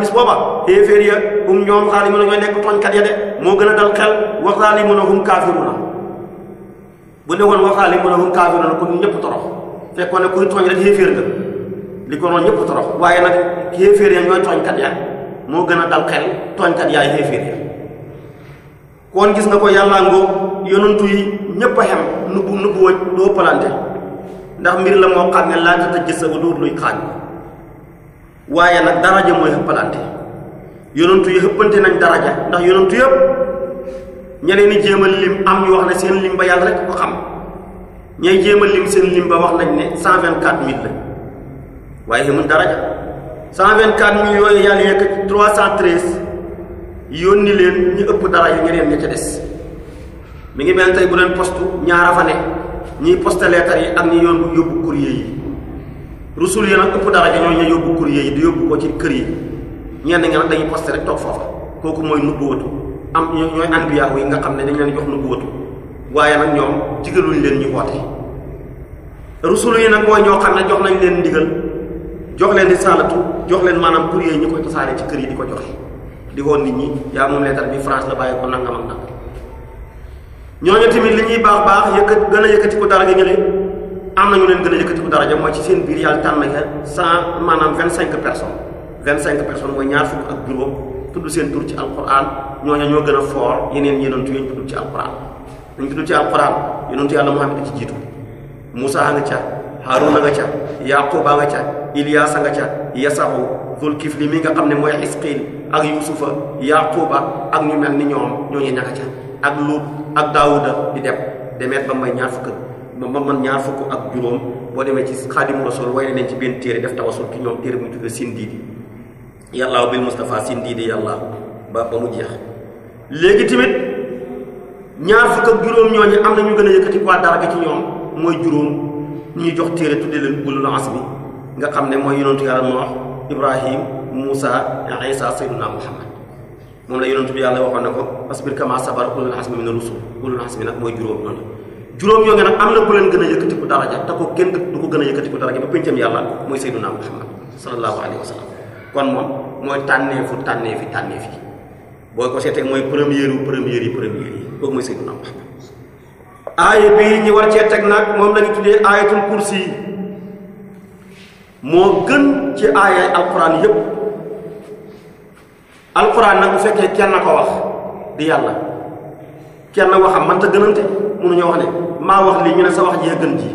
di fa a xéeféer ya um ñoom xaalimuuna ñooy nekk tooñkat ya de moo gën a dal xel wa xaalimuuna hum kaafiruuna bu ne woon wa xaalimuuna hum kaafiruuna kon ñëpp torox fekkoon ne kuy tooñ rek xéeféer nga li ko torox waaye nag xéeféer ya ñooy tooñkat ya moo gën a dal xel tooñkat yaay xéeféer ya kon gis na ko yàllaa ngoo yonantu yi ñépp a xem nubbu nubbu doo palante ndax mbir la moo xam ne laajata gis sa ba luy xaañ waaye nag daraja mooy palante yonantu yi xëppante nañ daraja ndax yonantu yëpp ñeneen ni jéem a lim ñu wax ne seen lim yàlla ko xam ñay jéem a seen lim ba wax ne cent vingt quatre mille la waaye xamuñ daraja cent vingt quatre mille yooyu yàlla yëkk trois cent treize yónni leen ñu ëpp daraja ñeneen ña ca des mu ngi mel tey bu leen postu ñaara fa ne ñiy poste leetar yi ak ñi yoon yóbbu courrier yi rusul yi nag ëpp daraja ñoo ñu yóbbu courrier yi di yóbbu ko ci kër yi ñenn nga nag dañuy posté rek toog foofa kooku mooy nubbuwatu am ñooy anbiyaaw yi nga xam ne dañ leen jox nubbuwatu waaye nag ñoom digaluñ leen ñu woote rusulu yi nag mooy ñoo xam ne jox nañ leen ndigal jox leen risaalatu jox leen maanaam courrier yi ñu koy tasaare ci kër yi di ko joxe di woon nit ñi yaa moom leetar bi France la bàyyi ko nangam ak nangam ñooñu tamit li ñuy baax baax yëkkat gën a yëkkati ko daraja ñële am nañu leen gën a yëkkati ko ci seen biir yàlla tànn nga maanaam vingt cinq personnes vingt cinq personnes mooy ñaar fukk ak juróom tudd seen tur ci alquran ñooñu ñoo gën a foor yeneen yonent yi ñu tudd ci alquran ñu tudd ci alquran yonentu yàlla Muhammad ci jiitu ca Haaruna nga ca Yaquba nga ca Ilyaasa nga ca Yasaxu Zul Kifli nga xam ne mooy Isqiil ak Yuusufa Yaquba ak ñu mel ni ñoom ñooñu ña nga ca ak Luut ak Daawuda di dem demeet ba may ñaar fukk ba ma man ñaar fukk ak juróom boo demee ci Xaadimu Rasuul way nañ ci benn téere def tawasul ci ñoom téere bu ñu tuddee Sindiidi yàllaaw bil Moustapha sindiidi yàllaaw ba ba mu jeex léegi tamit ñaar fukk ak juróom ñooñu am na ñu gën a yëkkati waa daraja ci ñoom mooy juróom ñu ñuy jox téere tuddee leen ulul nga xam ne mooy yonentu yàlla Noox Ibrahim Moussa Isa Sayyiduna Muhammad moom bi yàlla waxoon na ko asbir kama sabar ulul azmi mina rusul ulul azmi nag mooy am na ku a yëkkati ku daraja te ko kenn du ko gën a yëkkati ku daraja ba péncam yàlla mooy Sayyiduna Muhammad sallallahu alayhi wa kon moom mooy tànneefu tànneefi tànneefi boo ko seetee mooy première yu première yi première yi kooku mooy Seydina Muhammad aaya bii ñi war cee teg nag moom la ñu tuddee aayatul kursi yi moo gën ci aaya alquran yépp alquran nag bu fekkee kenn ko wax di yàlla kenn waxam man ta gënante mënuñoo wax ne maa wax lii ñu ne sa wax jee gën ji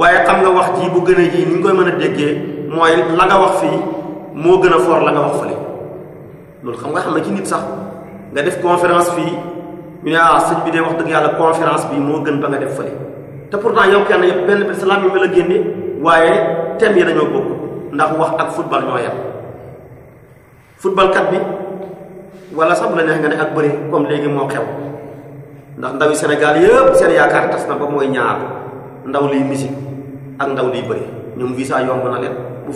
waaye xam nga wax ji bu gën a ji ni ñu koy mën a déggee mooy la nga wax fii moo gën a fort la nga wax fële loolu xam nga xam na ci nit sax nga def conférence fii ñu ne ah sëñ bi dee wax dëgg yàlla conférence bi moo gën ba nga def fële te pourtant yow kenn yëpp benn benn salaam yi nga la génne waaye thème yi dañoo bokk ndax wax ak football ñoo yem football bi wala sax bu la neex nga ne ak bëri comme léegi moo xew ndax ndawi Sénégal yëpp seen yaakaar tas na ba mooy ñaar ndaw liy musique ak ndaw liy bëri ñoom visa yomb na leen bu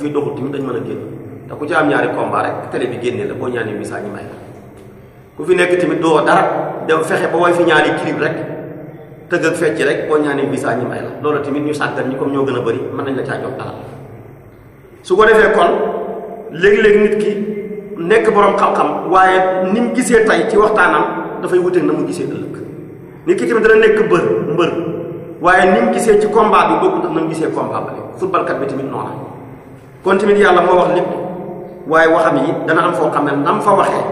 te ku ci am ñaari combat rek télé bi génne la boo ñaanee misa ñu may ku fi nekk tamit doo dara dem fexe ba way fi ñaari clip rek tëgg ak fecc rek boo ñaanee visa ñi may la loolu tamit ñu sàggan ñi comme ñoo gën a bëri mën nañ la caa jox dara su ko defee kon léegi-léegi nit ki nekk boroom xam-xam waaye ni mu gisee tey ci waxtaanam dafay wuteeg na mu gisee ëllëg nit ki tamit dana nekk bër mbër waaye ni mu gisee ci combat bi bokkut ak na mu bi tamit noona kon tamit waaye waxam yi dana am foo xam ne nam fa waxee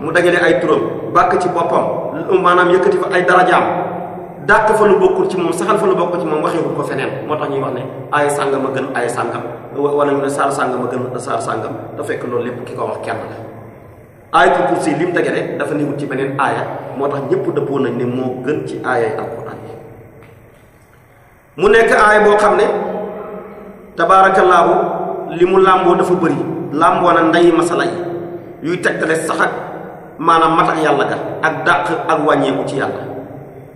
mu dajale ay turam bàkk ci boppam maanaam yëkkati fa ay darajaam dàq fa lu bokkul ci moom saxal fa lu bokkul ci moom waxeewul ko feneen moo tax ñuy wax ne ay sàngam a gën ay sàngam wala ñu ne saar sàngam a gën saar sàngam te fekk loolu lépp ki ko wax kenn la aayatul kursi li mu dajale dafa niwut ci beneen aaya moo tax ñëpp dëppoo nañ ne moo gën ci aaya yi alquran yi mu nekk aaya boo xam ne tabaarakallaahu li mu làmboo dafa bëri làmboo na ndeyi masala yi yuy tegtale sax ak maanaam mat yàlla ga ak dàq ak wàññeeku ci yàlla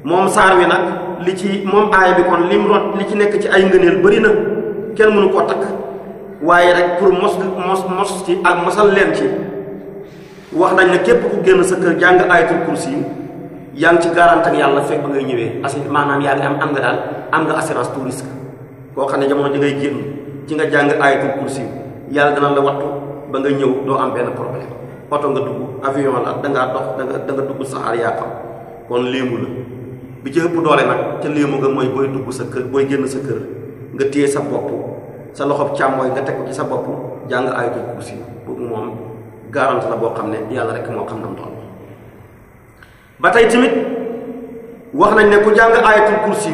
moom saar wi nag li ci moom aaya bi kon lim rot li ci nekk ci ay ngëneel bëri na kenn mënu koo takk waaye rek pour mos mos mos ci ak mosal leen ci wax nañ ne képp ku génn sa kër jàng ayatul kursi yaa ngi ci garanti ak yàlla fekk ba ngay ñëwee assi maanaam yaa ngi am am nga daal am nga assurance tout risque koo xam ne jamono ji ngay génn ci nga jàng ayatul kursi yàlla dana la wattu ba nga ñëw doo am benn problème oto nga dugg avion la da ngaa dox da nga da nga dugg saxaar yaa xam kon léemu la bi ci ëpp doole nag ca léemu nga mooy booy dugg sa kër booy génn sa kër nga téye sa bopp sa loxob càmmooy nga teg ci sa bopp jàng ayatul kursi boobu moom garante la boo xam ne yàlla rek moo xam nam doon ba tey tamit wax nañ ne ku jàng ayatul kursi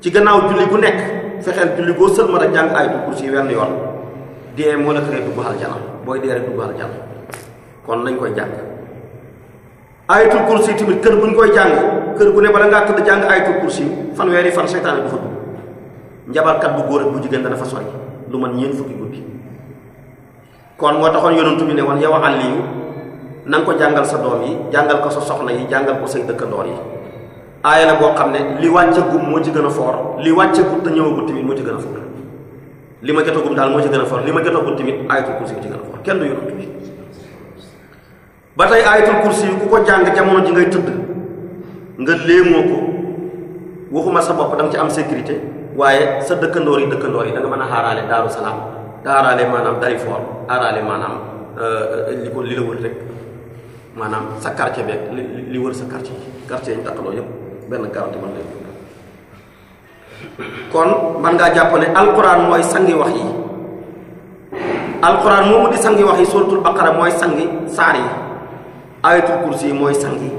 ci gannaaw julli gu nekk fexeel julli goo sëlma rek jàng ayatul kursi wenn yoon dee moo la teree dugg aljana booy dee rek dugg aljana kon lañ koy jàng ayatul kursi tamit kër buñ koy jàng kër gu ne bala ngaa tëdd jàng ayatul kursi fanweeri fan seytaane du fa njabarkat bu góor ak bu jigéen dana fa sori lu man ñeent fukki guddi kon moo taxoon yonent ne woon yow Aliyu na nga ko jàngal sa doom yi jàngal ko sa soxna yi jàngal ko say dëkkandoor yi aaya la boo xam ne li wàcce gum moo ci gën a foor li wàcce gut te ñëwagut tamit moo ci gën a foor li ma jotagum daal moo ci gën a for li ma jotagum tamit ayatul kursi yi ci gën a for kenn du yokk tuuti ba tey ayatul kursi yi ku ko jàng jamono ji ngay tëdd nga léemoo ko waxuma sa bopp da ci am sécurité waaye sa dëkkandoor yi dëkkandoor yi da nga mën a xaaraale daaru salaam xaaraale maanaam dari for xaaraale maanaam euh, li ko li la wër rek maanaam sa quartier beeg li wër sa quartier yi quartier yi ñu taqaloo yëpp benn garanti mën lay kon man ngaa jàpp ne alquran mooy sangi wax yi alquran moomu di sangi wax yi suratul baqara mooy sangi saar yi ayatul kursi yi mooy sangi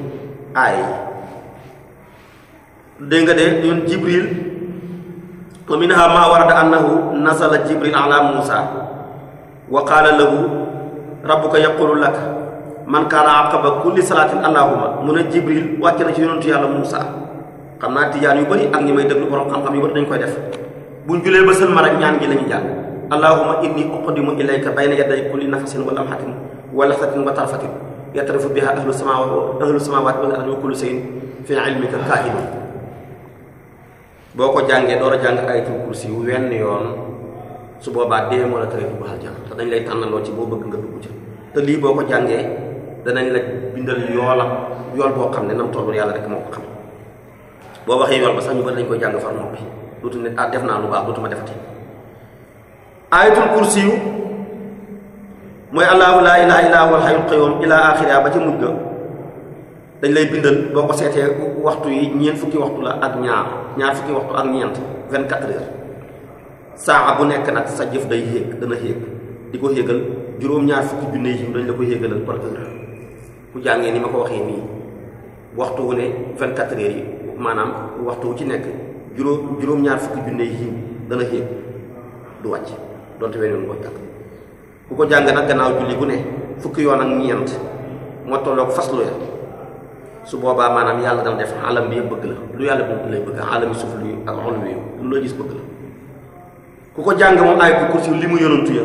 aay yi dégg nga de ñun jibril wa minha ma warada annahu nazala jibril ala musa wa qaala lahu rabbuka yaqulu laka man kaana aqaba kulli salaatin allahuma mu ne jibril wàcc na ci yonentu yàlla musa xam naa tijaan yu bëri ak ñi may déglu borom xam-xam yu bëri dañ koy def buñ julee ba sëlma rek ñaan gi la ñuy jàng allahuma inni uqdimu ilayka bayna yaday kulli nafsin wa lamhatin wa lahatin wa tarfatin yatrafu biha ahlu samawat ahlu samawati wal ardi wa kullu shay'in fi ilmika kaahima boo ko jàngee door a jàng ayatul kursi yu wenn yoon su boobaa dee moo la tere dugg aljana te dañ lay tànnaloo ci boo bëgg nga dugg ci te lii boo ko jàngee danañ la bindal yoola yool boo xam ne nam toll yàlla rek moo boo waxee yool ba sax ñu bari dañ koy jàng far noppi dootu ne ah, def naa lu baax dootuma defati ayatul kursi yu mooy allahu laa ilaha illa huwal hayyul qayyum ila axiriha ba ca mujj ga dañ lay bindal boo ko seetee waxtu yi ñeent fukki waxtu la ak ñaar ñaar fukki waxtu ak ñeent 24 heures saa bu nekk nag sa jëf day yéeg dana yéeg di ko yéegal juróom-ñaar fukki junne yi dañ la ko yéegalal par heure ku jàngee ni ma ko waxee nii waxtu wu maanaam waxtu wu ci nekk juróom juróom-ñaar fukki junne yi dana xiim du wàcc donte wenn yoon nga ko ku ko jàng nag gannaaw julli bu ne fukki yoon ak ñeent moo tolloog faslu ya su boobaa maanaam yàlla dana def alam bi yëpp bëgg la lu yàlla bëgg lay bëgg alami suuf luy ak xolu wi lu la gis bëgg la ku ko jàng moom ay ku kursi li mu yonantu ya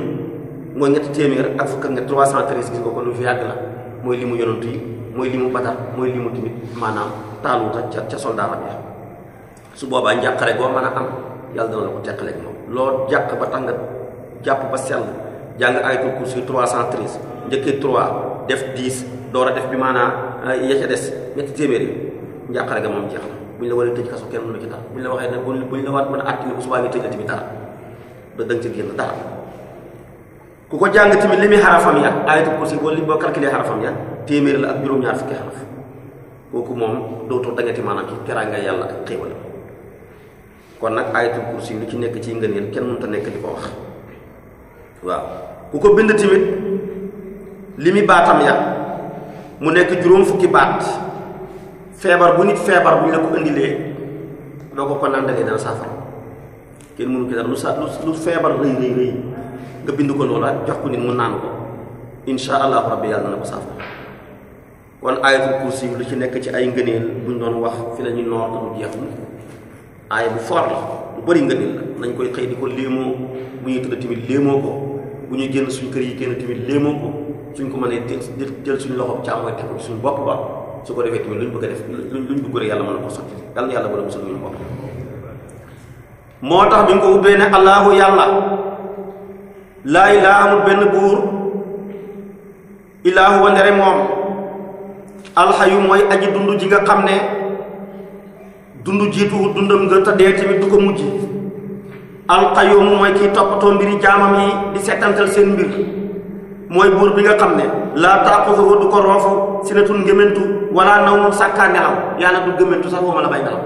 mooy ñetti téeméer ak fukk ak nga trois cent treize ko lu fi yàgg la mooy li mu yonantu yi mooy li mu badar mooy li maanaam taaluuta ca ca soldaaram ya su boobaa njàqare goo mën a am yàlla dana la ko teqaleeg moom loo jàq ba tax nga jàpp ba sell jàng ayatul kursi trois cent treize njëkkee trois def dix door a def bi maanaa eh, ya ca des ñetti téeméer yi njàqare ga moom jeex la bu ñu la waxee mën a àtt ne bu subaa tëj la tamit dara da danga ca génn dara ku ko jàng tamit li muy xarafam ya ayatul kursi boo li boo calculé xarafam ya téeméer la ak juróom-ñaar fukki xaraf kooku moom dootul dangati maanaam ci teraanga yàlla ak xéewal kon nag ayatul kursi lu ci nekk ci ngëneel kenn mënta nekk di ko wax waaw ku ko bind tamit li mi baatam ya mu nekk juróom fukki baat feebar bu nit feebar bu ñu la ko indilee doo ko ko naan da dana saafara kenn mënu ki dara lu sa lu feebar rëy rëy rëy nga bind ko loola jox ko nit mu naan ko insha allahu rabbi yàlla na ko saafara kon ayatul kursi lu ci nekk ci ay ngëneel buñ doon wax fi la ñuy noor te mu jeex mu bu fort la lu bëri ngëneel la nañ koy xëy di ko léemoo bu ñu tëdd suñ kër yi génn tamit léemoo ko suñ ko mënee jël jël suñu loxo càmmooy teg suñu bopp ba su ko defee tamit lu ñu bëgg a def luñ luñ bëgg rek yàlla mën a ko sotti yàlla yàlla mën a musal ñu bopp moo tax bi ko ubbee ne allahu yàlla laa ilaaha amul benn buur ilaahu ndere moom alxayu mooy aji dund ji nga xam ne dund jiituwut dundam nga te dee tamit du ko mujj alqayum mooy kiy toppatoo mbiri jaamam yi di setantal seen mbir mooy buur bi nga xam ne laa taaxuzuhu du ko roofu sinatun ngëmentu wala nawmun sàkkaa nelaw yàlla du gëmentu sax woo ma la bay nelaw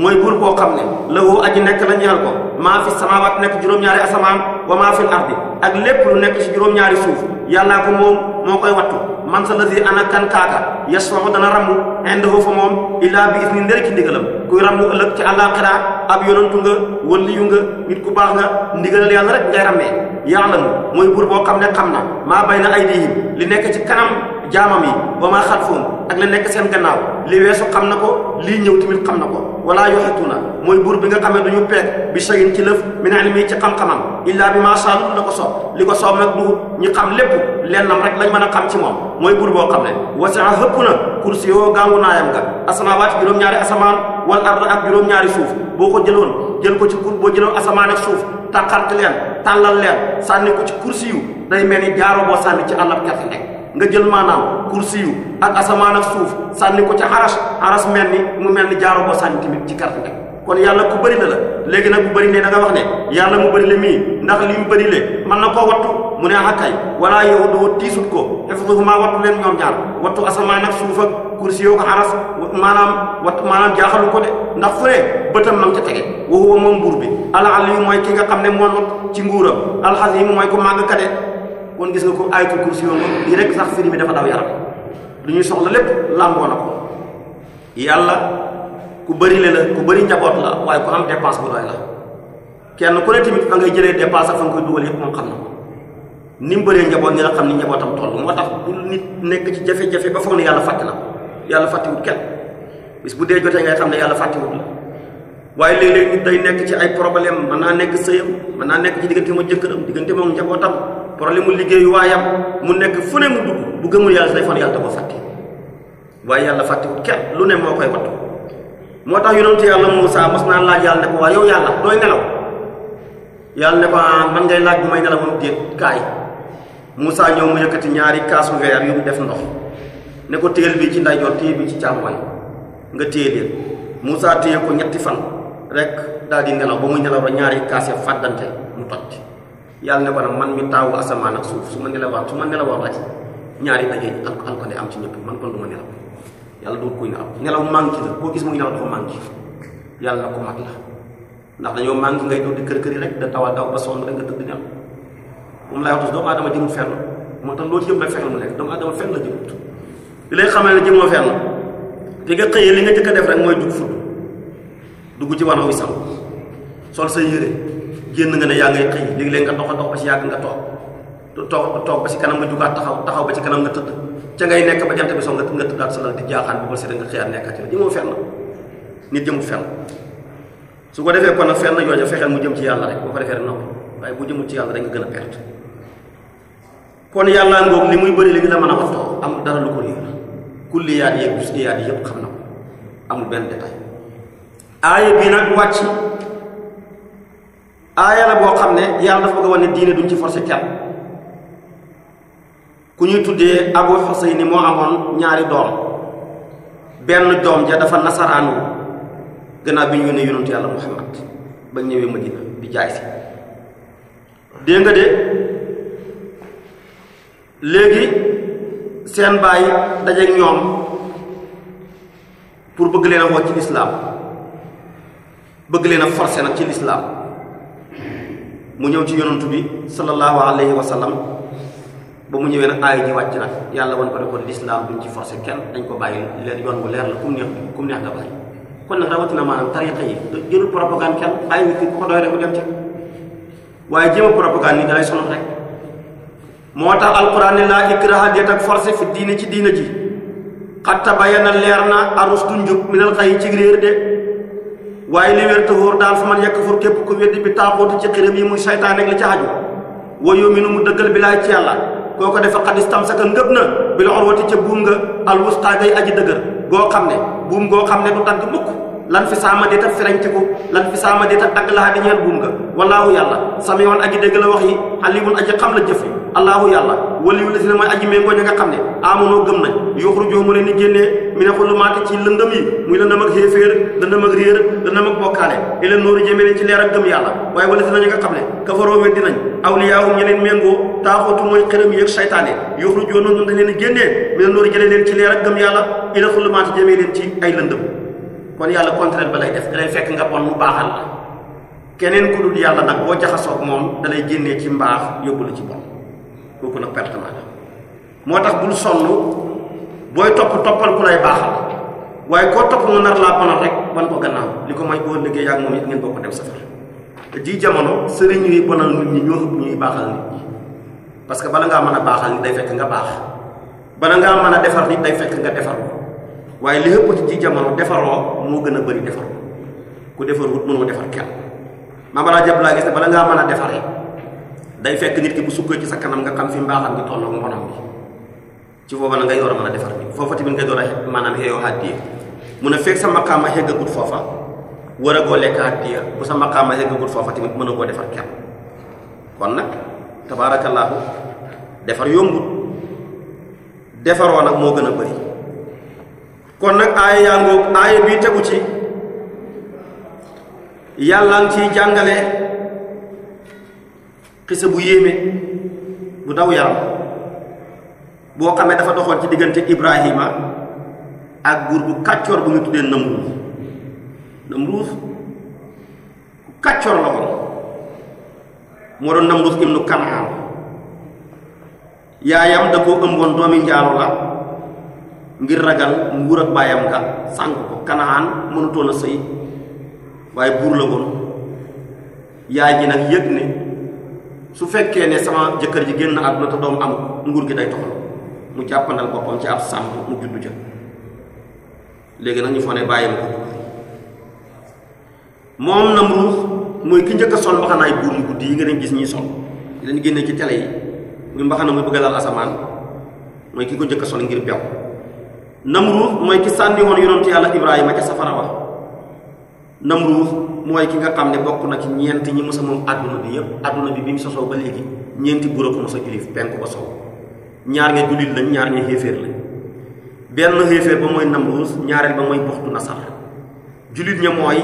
mooy buur boo ne lahu aji nekk la ñeel ko maa fi samaawaat nekk juróom-ñaari asamaan wa maa fil ardi ak lépp lu nekk ci juróom-ñaari suuf yàllaa ko moom moo koy wattu man sa a ana kan kaaka yasfahu dana rammu indahu fa moom illaa bi is ni ndër ci ndigalam kuy rammu ëllëg ci àllaaxira ab yonantu nga waliyu nga nit ku baax nga ndigalal yàlla rek ngay rammee yàlla mooy buur boo xam ne xam na maa bay na aydihim li nekk ci kanam jaamam yi wa maa xalfuhum ak la nekk seen gannaaw li weesu xam na ko lii ñëw tamit xam na ko walaa na mooy buur bi nga xamee duñu peeg bi shay'in ci lëf min ilmihi ci xam-xamam illaa bi maa shaa la ko soob li ko soob nag du ñu xam lépp lennam rek lañ mën a xam ci moom mooy buur boo xam ne wasi'a hëpp na kursi yoo gàngu naayam nga asamawaat juróom-ñaari asamaan wal ard ak juróom-ñaari suuf boo ko jëloon jël ko ci kur boo jëloon asamaan ak suuf tàqarti leen tàllal leen sànni ko ci kursi yu day mel ni jaaro boo ci àllab kerte nga jël maanaam kursiyu ak asamaan ak suuf sànni ko ci aras aras mel ni mu mel ni jaaro boo sànni tamit ci carte bi kon yàlla ku bëri la la léegi nag bu bëri ne da nga mu bëri la ndax li mu bëri le mën na koo wattu mu ne akay ah wala yow doo tiisut ko xifduhumaa wattu leen ñoom ñaar wattu asamaan ak suuf ak kursi yoo ko aras maanaam wattu maanaam ko de ndax fu ne bëtam ma ngi ca tege wa huwa moom buur bi al aliyu mooy ki nga xam ne moo ci nguuram alxasiimu mooy ko kon gis nga ko ay ko kursi yoo moom lii rek sax sëriñ bi dafa daw yaram lu ñuy soxla lépp làmboo na ko yàlla ku bari le la ku bari njaboot la waaye ku am dépense bu doy la kenn ku a tamit fa ngay jëlee dépense ak fa nga koy dugal yëpp moom xam na ko ni mu bëree njaboot ñi la xam ni njabootam toll moo tax bu nit nekk ci jafe-jafe ba foog ne yàlla fàtte na yàlla fàttewut kenn bis bu dee jotee ngay xam ne yàlla fàttewut la waaye léeg-léeg day nekk ci ay problème mën naa nekk sëyam mën naa nekk ci diggante ma jëkkëram diggante moom njabootam li mu liggéeyu waayam mu nekk fu ne mu dugg bu gëmul yàlla say fan yàlla da ko fàtte waaye yàlla fàttewut kenn lu ne moo koy wattu moo tax yonent yàlla Muusaa mas naa laaj yàlla ne ko waa yow yàlla dooy nelaw yàlla ne ah, man ngay laaj bu may nelaw moom déet kaay Muusaa ñëw mu yëkkati ñaari kaasu weer yu mu def ndox ne ko téyel bi ci ndeyjoor téye bi ci càmmooñ nga téye leen Muusaa téye ko ñetti fan rek daal di nelaw ba muy nelaw rek ñaari kaas ya fàddante mu toj yàlla ne ko man mi taawu asamaan ak suuf su ma nelawaa su ma nelawaa wàcc ñaari dajee alko alko de am ci ñëpp man kon du nelaw yàlla duut kuy nelaw nelaw manqué la koo gis muy nelaw dafa yàlla ko mag la ndax dañoo manqué ngay doon di kër kër yi rek da tawa daw ba sonn rek nga tëdd nelaw moom laay wax doomu aadama jëmul fenn moo tax loo jëm rek fenn mu nekk doomu aadama fenn la jëmut li lay xamal ne jëmoo fenn li nga xëyee li nga jëkk def rek mooy dugg fudd dugg ci wanaw yi génn nga ne yaa ngay xëy léegi-léeg nga dox a dox ba si yàgg nga toog toog ba si kanam nga jugaat taxaw taxaw ba ci kanam nga tëdd ca ngay nekk ba jant bi soo nga nga tëddaat sa lal di jaaxaan bi su ko defee kon nag fenn yooyu fexeel mu jëm ci yàlla rek boo ko defee rek noppi waaye bu jëmul ci yàlla rek nga gën a perte kon yàlla ngoog li muy bëri li ngi la mën a waxtoo am dara lu ko réer kulliyaat yeeg juz'iyaat yi yëpp xam na ko amul benn détail aaya bi nag wàcc aaya la boo xam ne yàlla dafa bëgg a wane ne diine duñ ci forcé kenn ku ñuy tuddee abu xusayni moo amoon ñaari doom benn doom ja dafa nasaraanu gannaaw bi ñu ne yonentu yàlla muhammad ba ñëwee madina di jaay si dégg de léegi seen baay dajeek ñoom pour bëgg leen a woo ci lislaam bëgg leen a forcé nag ci lislaam mu ñëw ci yonantu bi sallallahu alayhi wa sallam ba mu ñëwee nag aaya ji wàcc nag yàlla wan ko di kon lislaam duñ ci forcé kenn dañ ko bàyyi leen yoon bu leer la kum neex kum neex nga bàyyi kon nag rawatina maanaam tariqa yi jëlul propagande kenn bàyyi nit ko doy rek mu dem ci waaye jéem a propagande dalay sonal rek moo tax alquran ne laa ikraha déet ak forcé fi diine ci diine ji xatta ba leer na arus du njub minal xay ci réer de waaye li wér te wóor daal fa man yakfur képp ku weddi bi taaxooti ci xiram yi muy saytaan rek la ca aju wa yuminu mu dëggal bi laay ci yàlla koo ko defa xadis tamsaka ngëb na bi la orwati ca buum nga alwustaa ngay aji dëgër goo xam ne buum goo xam ne du tànk mukk lan fi saama deta fereñtiku lan fi saama deta ak laha di ñeel buum nga wallaahu yàlla samiyoon aji dégg la wax yi alimun aji xam la jëf yi allaahu yàlla waliyu lasi na mooy aji méngoo ña nga xam ne amonoo gëm nañ yuxurujoo mu leen ni génnee mi ne xulumaati ci lëndëm yi muy lëndëm ak xéeféer lëndëm ak réer lëndëm ak bokkaale ila nooru jëmee leen ci leer ak gëm yàlla waaye wala si na ña nga xam ne kafaroo weddi nañ awliyaahum ñi leen méngoo taaxootu mooy xërëm yi ak saytaane yuxurujoo noonu dañ leen génnee mi ne nooru jëlee kon yàlla contraire ba lay def dalay fekk nga bon mu baaxal la keneen ku dul yàlla nag boo jaxasoog moom dalay génnee ci mbaax yóbbu la ci bon kooku nag perte la moo tax bul sonn booy topp toppal ku lay baaxal waaye koo topp mu nar laa bonal rek ban ko gannaaw li ko may boo liggéey ak moom it ngeen bokk dem safar te ji jamono sëriñ bonal nit ñi ñoo baaxal nit ñi parce que bala ngaa mën a baaxal nit day fekk nga baax bala ngaa mën a defar nit waaye li ëpp ci jamono defaroo moo gën a bëri defaroo ku defarut mënoo defar kenn maamala jàpp laa gis ne bala ngaa mën a defaree day fekk nit ki bu sukkee ci sa kanam nga xam fi mbaaxam gi toll ak mbonam ci foofa ngay door a mën a defar bi foofa tamit ngay door a maanaam xeeyoo a fekk sa maqaama xeggagut foofa war koo lekk addiya bu sa foofa tamit mën a koo defar kenn kon nag tabaarakallaahu defar moo gën a bari kon nag aaya yaa ngoog aaya tegu ci yàlla ngi ciy jàngale xisa bu yéeme bu daw yaram boo xamee dafa doxoon ci diggante Ibrahima ak buur bu kàccoor bu ñu tuddee Namruus Namruus kàccoor la woon moo doon Namruus ibnu Kanaan yaayam da koo ëmboon doomi njaalo la ngir ragal nguur ak baayam nga sànq ko kanaan mënutoon a sëy waaye buur la woon yaay ji nag yëg ne su fekkee ne sama jëkkër ji génn àdduna te doom am nguur gi day toxal mu jàppandal boppam ci ab sàmm mu juddu ja léegi nag ñu foo ne bàyyi ma ko moom na mu mooy ki njëkk a sol mbaxanaay buur yu guddi yi nga leen gis ñuy sol dañu génne ci télé yi muy mbaxana mu bëgg a asamaan mooy ki ko njëkk sol ngir bew Namruud mooy ki sànni woon yonent yàlla Ibrahima ca safara wa Namruud mooy ki nga xam ne bokk na ci ñeenti ñi mos moom àdduna bi yëpp àdduna bi bi mu sosoo ba léegi ñeenti buur ko mos a kilif penku ba sow ñaar nga jullit mooy Namruud ñaareel ba mooy Buxtu Nasar jullit ña mooy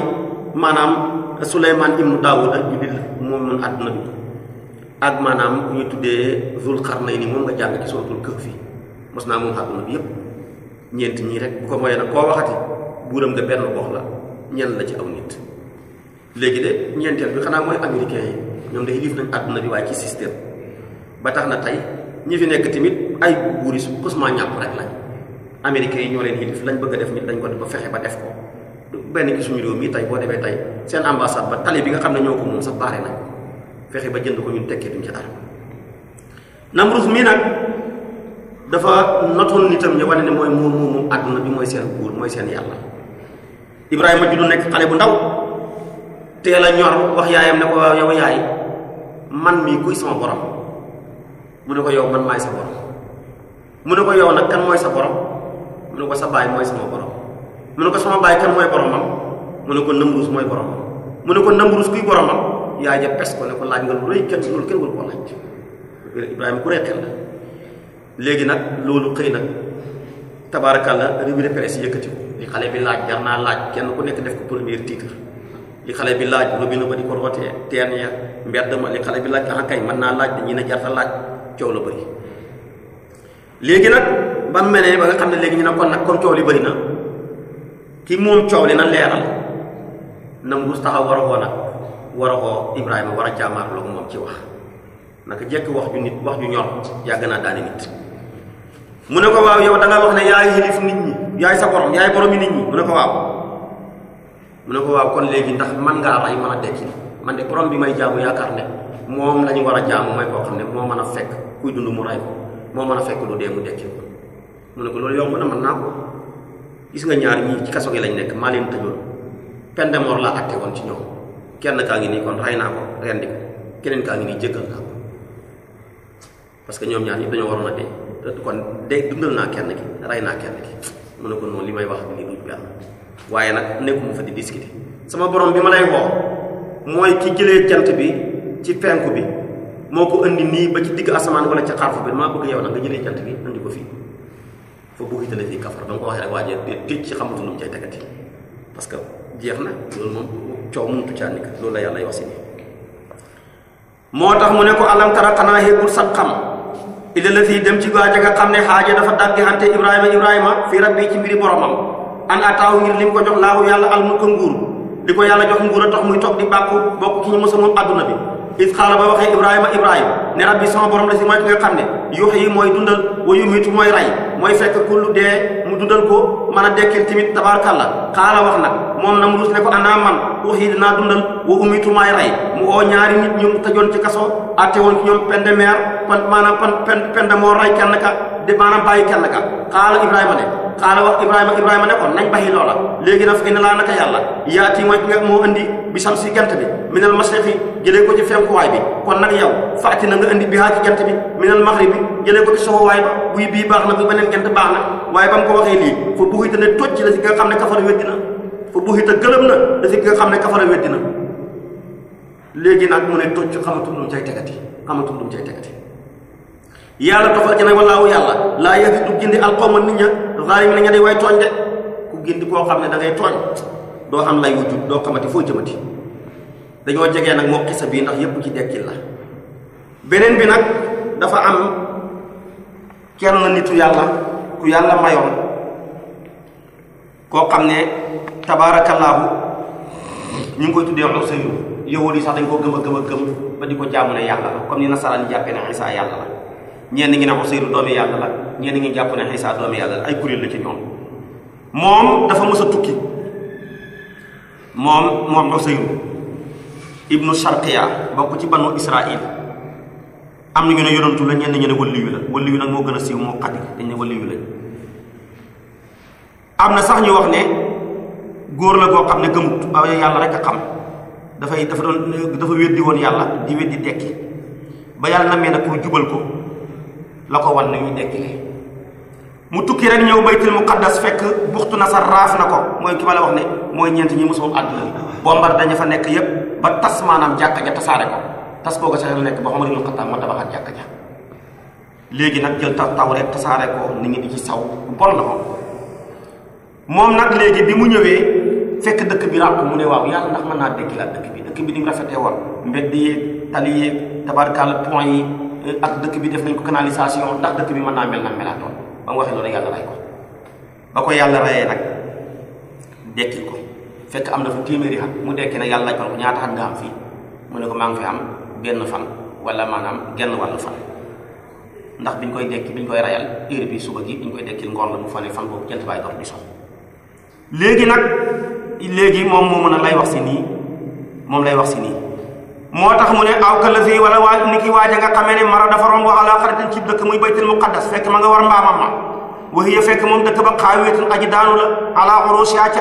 maanaam Suleymaan ibnu Daawuda jullit la moom àdduna bi ak maanaam ñu tuddee Zul Xarnayni moom nga jàng ci suratul Kahfi mos naa moom àdduna bi yëpp. ñeent ñii rek bu ko moyee nag koo waxati buuram de benn gox la ñen la ci aw nit léegi de ñeenteel bi xanaa mooy américain yi ñoom de yilif nañ àdduna bi ci système ba tax na tey ñi fi nekk tamit ay buur yi xusmaa ñàpp rek lañ américain yi ñoo leen yilif lañ bëgg def nit lañ ko ba fexe ba def ko benn ki suñu réew mi tey boo demee tey seen ambassade ba tali bi nga xam ne ñoo ko moom sax baare nañ fexe ba jënd ko ñun tekkee duñ ci dara Namrus mii nag dafa notoon nitam ñu wane ne mooy moom moom àdduna bi mooy seen buur mooy seen yàlla Ibrahima juddu nekk xale bu ndaw teel a ñor wax yaayam ne ko yow yaay man mii kuy sama borom mu ne ko yow man maay sa borom mu ne ko yow nag kan mooy sa borom mu ne ko sa baay mooy sama borom mu ne ko sama baay mooy boromam mu ne ko Namruus mooy boromam mu ne ko Namruus kuy boromam yaay ja pes ko ne ko laaj nga lu rëy kenn loolu kenn wul ko laaj Ibrahima ku rëy la léegi nag loolu xëy nag tabaarakàlla revue de presse yëkkati ko li xale bi laaj jar naa laaj kenn ku nekk def ko premier titre li xale bi laaj robinet ba di ko rootee teen ya mbedd ma li xale bi laaj ah kay mën naa laaj dañuy ne jarta laaj coow la bëri. léegi nag ban menee ba nga xam ne léegi ñu ne kon nag kon coow li bëri na ki moom coow li na leeral na mbuus taxaw war a woo nag war a woo Ibrahima war a jaamaar loolu moom ci wax naka jekk wax ju nit wax ju ñor yàgg naa mu ne ko waaw yow da nga wax ne yaay xilif nit ñi yaay sa borom yaay boromi nit ñi mu ne ko waaw mu ne ko waaw kon léegi ndax man ngaa rey mën a dekki man de borom bi may jaamu yaakaar ne moom lañu war a jaamu mooy koo xam ne moo mën a fekk kuy dund mu rey ko moo mën a fekk lu loolu yomb na nga ñaar ñii gi lañ nekk maa leen tëjoon peine de mort laa atte woon ci ñoom kenn kaa ngi nii kon rey naa ko rendi ko keneen kaa ngi nii jéggal naa ko parce que ñoom ñaar ñi dañoo waroon a dee ko de dundal naa kenn ki rey naa kenn ki mu ne ko noonu li may wax nii du yàlla waaye nag nekkuma fa di discuter sama borom bi ma lay woo mooy ki jëlee jant bi ci penku bi moo ko indi nii ba ci digg wala ci xarfu bi maa bëgg yow nag nga jëlee jant bi indi ko fii fa bu hitale fii kafar ba nga ko waxee rek waajee tëj ci xamatu lu mu cay tegati parce que jeex na loolu moom coow mënutu caa nekk loolu la yàlla wax si moo tax mu ne ko alam tara xanaa xéegul sax xam ilalla fii dem ci gaaj nga xam ne xaaja dafa dàggante ibrahima ibrahima fii rabbi ci mbiri boromam an ataahu ngir lim ko jox laahu yàlla al mulka nguur li ko yàlla jox nguur a tax muy toog di bàkku bokk ci ñu mosamoon adduna bi is xaala ba waxee ibrahima ibrahima ne rabbi sama borom la si mooy ki ne yux yi mooy dundal wa yumiitu mooy rey mooy fekk ku dee mu dundal ko mën a dekkil tamit tabaarkàlla xaala wax nag moom na mu rus a ko anaa man wax yi dundal wa umiitu maay rey mu oo ñaari nit ñu ci kaso atte woon ci ñoom pende meer pan maanaam pan pen pende moo rey kenn ka de maanaam bàyyi kenn ka xaala ibrahima ne xaala wax ibrahima ibrahima ne ko nañ baxi loola léegi nag ina laa naka yàlla yaati mooy moo andi bi sam si jant bi minal mashriqi jëlee ko ci fenkuwaay bi kon nag yow fàtti na nga andi bi haa ci jant bi minal maghribi jëlee ko ci soxowaay ba buy bii baax na bu beneen jant baax na waaye ba ko waxee lii fa buxita ne tocc la si xam ne kafara weddi na fa buxita gëlëm na la si nga xam ne kafara weddi na léegi nag mu ne tocc xamatul lu mu cay tegati yàlla dafa ajana walaawu yàlla laa yahdi du gindi alqawma nit ña zaalimi na ña day way ku gindi koo xam ne da ngay tooñ am lay wujjut doo xamati foo jëmati dañoo jegee nag moo xisa bii ndax ci dekkil bi nag dafa am kenn nitu yàlla ku yàlla mayoon koo xam ne tabaarakallaahu ñu ngi koy tuddee xursa yu yowóor yi sax dañ ko gëm a gëm a gëm ba di ko jaamu yàlla la comme ni nasaraan yi jàppee ne Isaa yàlla la ñenn ñi ne Useyru doomi yàlla la ñenn ñi jàpp ne Iisaa doomi yàlla la ay kuréel la ci ñoom moom dafa mës tukki moom moom Useyru ibnu Sharqiya bokk ci banu Israil am na ñu ne yonantu la ñenn ñu ne waliyu la waliyu nag moo gën a siiw moo xati dañ ne waliyu lañ am na sax ñu wax ne góor la koo xam ne gëmut ba yàlla rek a xam dafay dafa doon dafa weddi woon yàlla di weddi tekki ba yàlla na mee nag pour jubal ko la ko wan nañuy dekkile mu tukki rek ñëw baytul muqaddas fekk buxtu nasar raaf na ko mooy ki ma la wax ne mooy ñeent ñi mosul àdduna bi bombar daña fa nekk yépp ba tas maanaam jàkka ja tasaare ko tas booga sax la nekk ba Omar ibn Khattab moo nag jël taw taw ko nit ñi di ci saw bu bon na moom moom nag léegi bi mu ñëwee fekk dëkk bi ràpp mu ne waaw yàlla ndax mën naa dekkilaat dëkk bi dëkk bi ni mu rafetee woon mbedd yi tali yi tabarkaal point ak dëkk bi def nañ ko canalisation ndax dëkk bi mën naa mel na melaatoon ba mu waxee loolu yàlla rey ko ba ko yàlla reyee nag dekkil ko fekk am na fa téeméeri at mu dekki nag yàlla laaj ko ñaata at nga am fan wala maanaam genn wàllu fan ndax biñ koy dekki biñ koy rayal heure bi suba gi biñ koy dekkil ngoon la mu fane fan boobu jant baay dox di sox léegi nag léegi moom moo mën a lay wax si nii moom lay wax si nii moo tax mu ne aw kalasi wala ni ki waaja nga ne mara dafa romb ala xaratin ci dëkk muy baytul muqaddas fekk ma nga war mbaamam ma waxiya fekk moom dëkk ba xaawiyatun aji la ala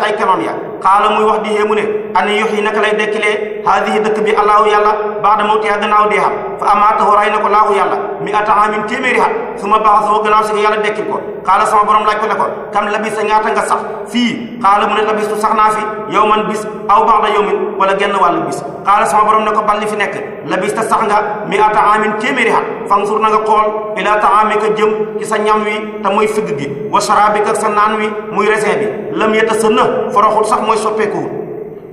ay kanam ya xaala muy wax di mu ne ana yox yi naka lay dekkilee haadihi dëkk bi allahu yàlla baax da mawtihaa gannaaw dee xam fa amaatahu ray na ko laahu yàlla mi ata amin téeméeri at su ma baax soo gannaaw si ko yàlla dekkil ko xaala sama borom laaj ko ko kam labis sa ñaata nga sax fii xaala mu ne labistu sax naa fi yow man bis aw baax da yow min wala genn wàllu bis xaala sama borom ne ko balli fi nekk labista sax nga mi ata amin téeméeri at fansur na nga xool ilaa taamika jëm ci sa ñam wi te mooy figg gi wa saraabika sa naan wi muy resin bi lam sax mooy soppeekuwul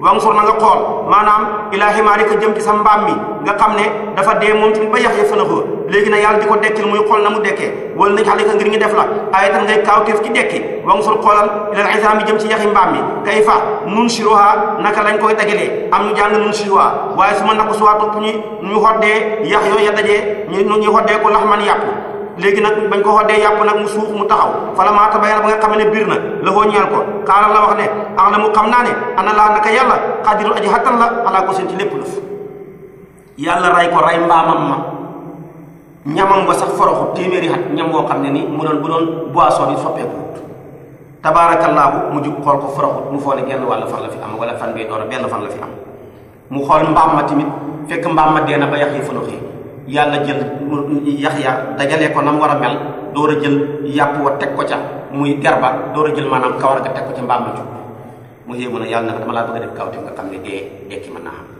wansur na nga xool maanaam ilaa ximaarika jëm ci sa mbaam mi nga xam ne dafa dee moom tamit ba yax ya fana léegi na yàlla di ko dekkil muy xool na mu dekkee wala nañ xalika ngir ñu def la ay tan ngay kaawteef ci dekki wansur xoolal ilal isaam yi jëm ci yaxi mbaam mi kay fa nun siroha naka lañ koy dajalee am ñu jàng nun siroha waaye su ma nako suwaa topp ñu ñu xoddee yax yooyu ya dajee ñu ñu xoddee ko laxman yàpp léegi nag bañ ko xoddee yàpp nag mu suux mu taxaw fala maa tabayana nga xam ne biir na la hoo ñeel ko xaaral la wax ne ax la mu xam naa ne ana laa naka yàlla xaadirul aji xattan la alaa ko seen ci lépp lëf yàlla ray ko ray mbaamam ma ñamam ba sax foroxu téeméeri at ñam boo xam ne ni mu doon bu doon boisson yi soppeekuut tabaarakallaahu mu jub xool ko foroxut mu foog ne genn wàll la fi am wala fan bay doon benn fan la fi am mu xool na ba yàlla jël yaxya dajale ko nam war a mel door a jël yàpp wa teg ko ca muy garba door a jël maanaam kawar ga teg ko ca mbaam ma jub mu yéemu na yàlla na ko dama laa bëgg a def kawtim nga xam ne dee dekki mën naa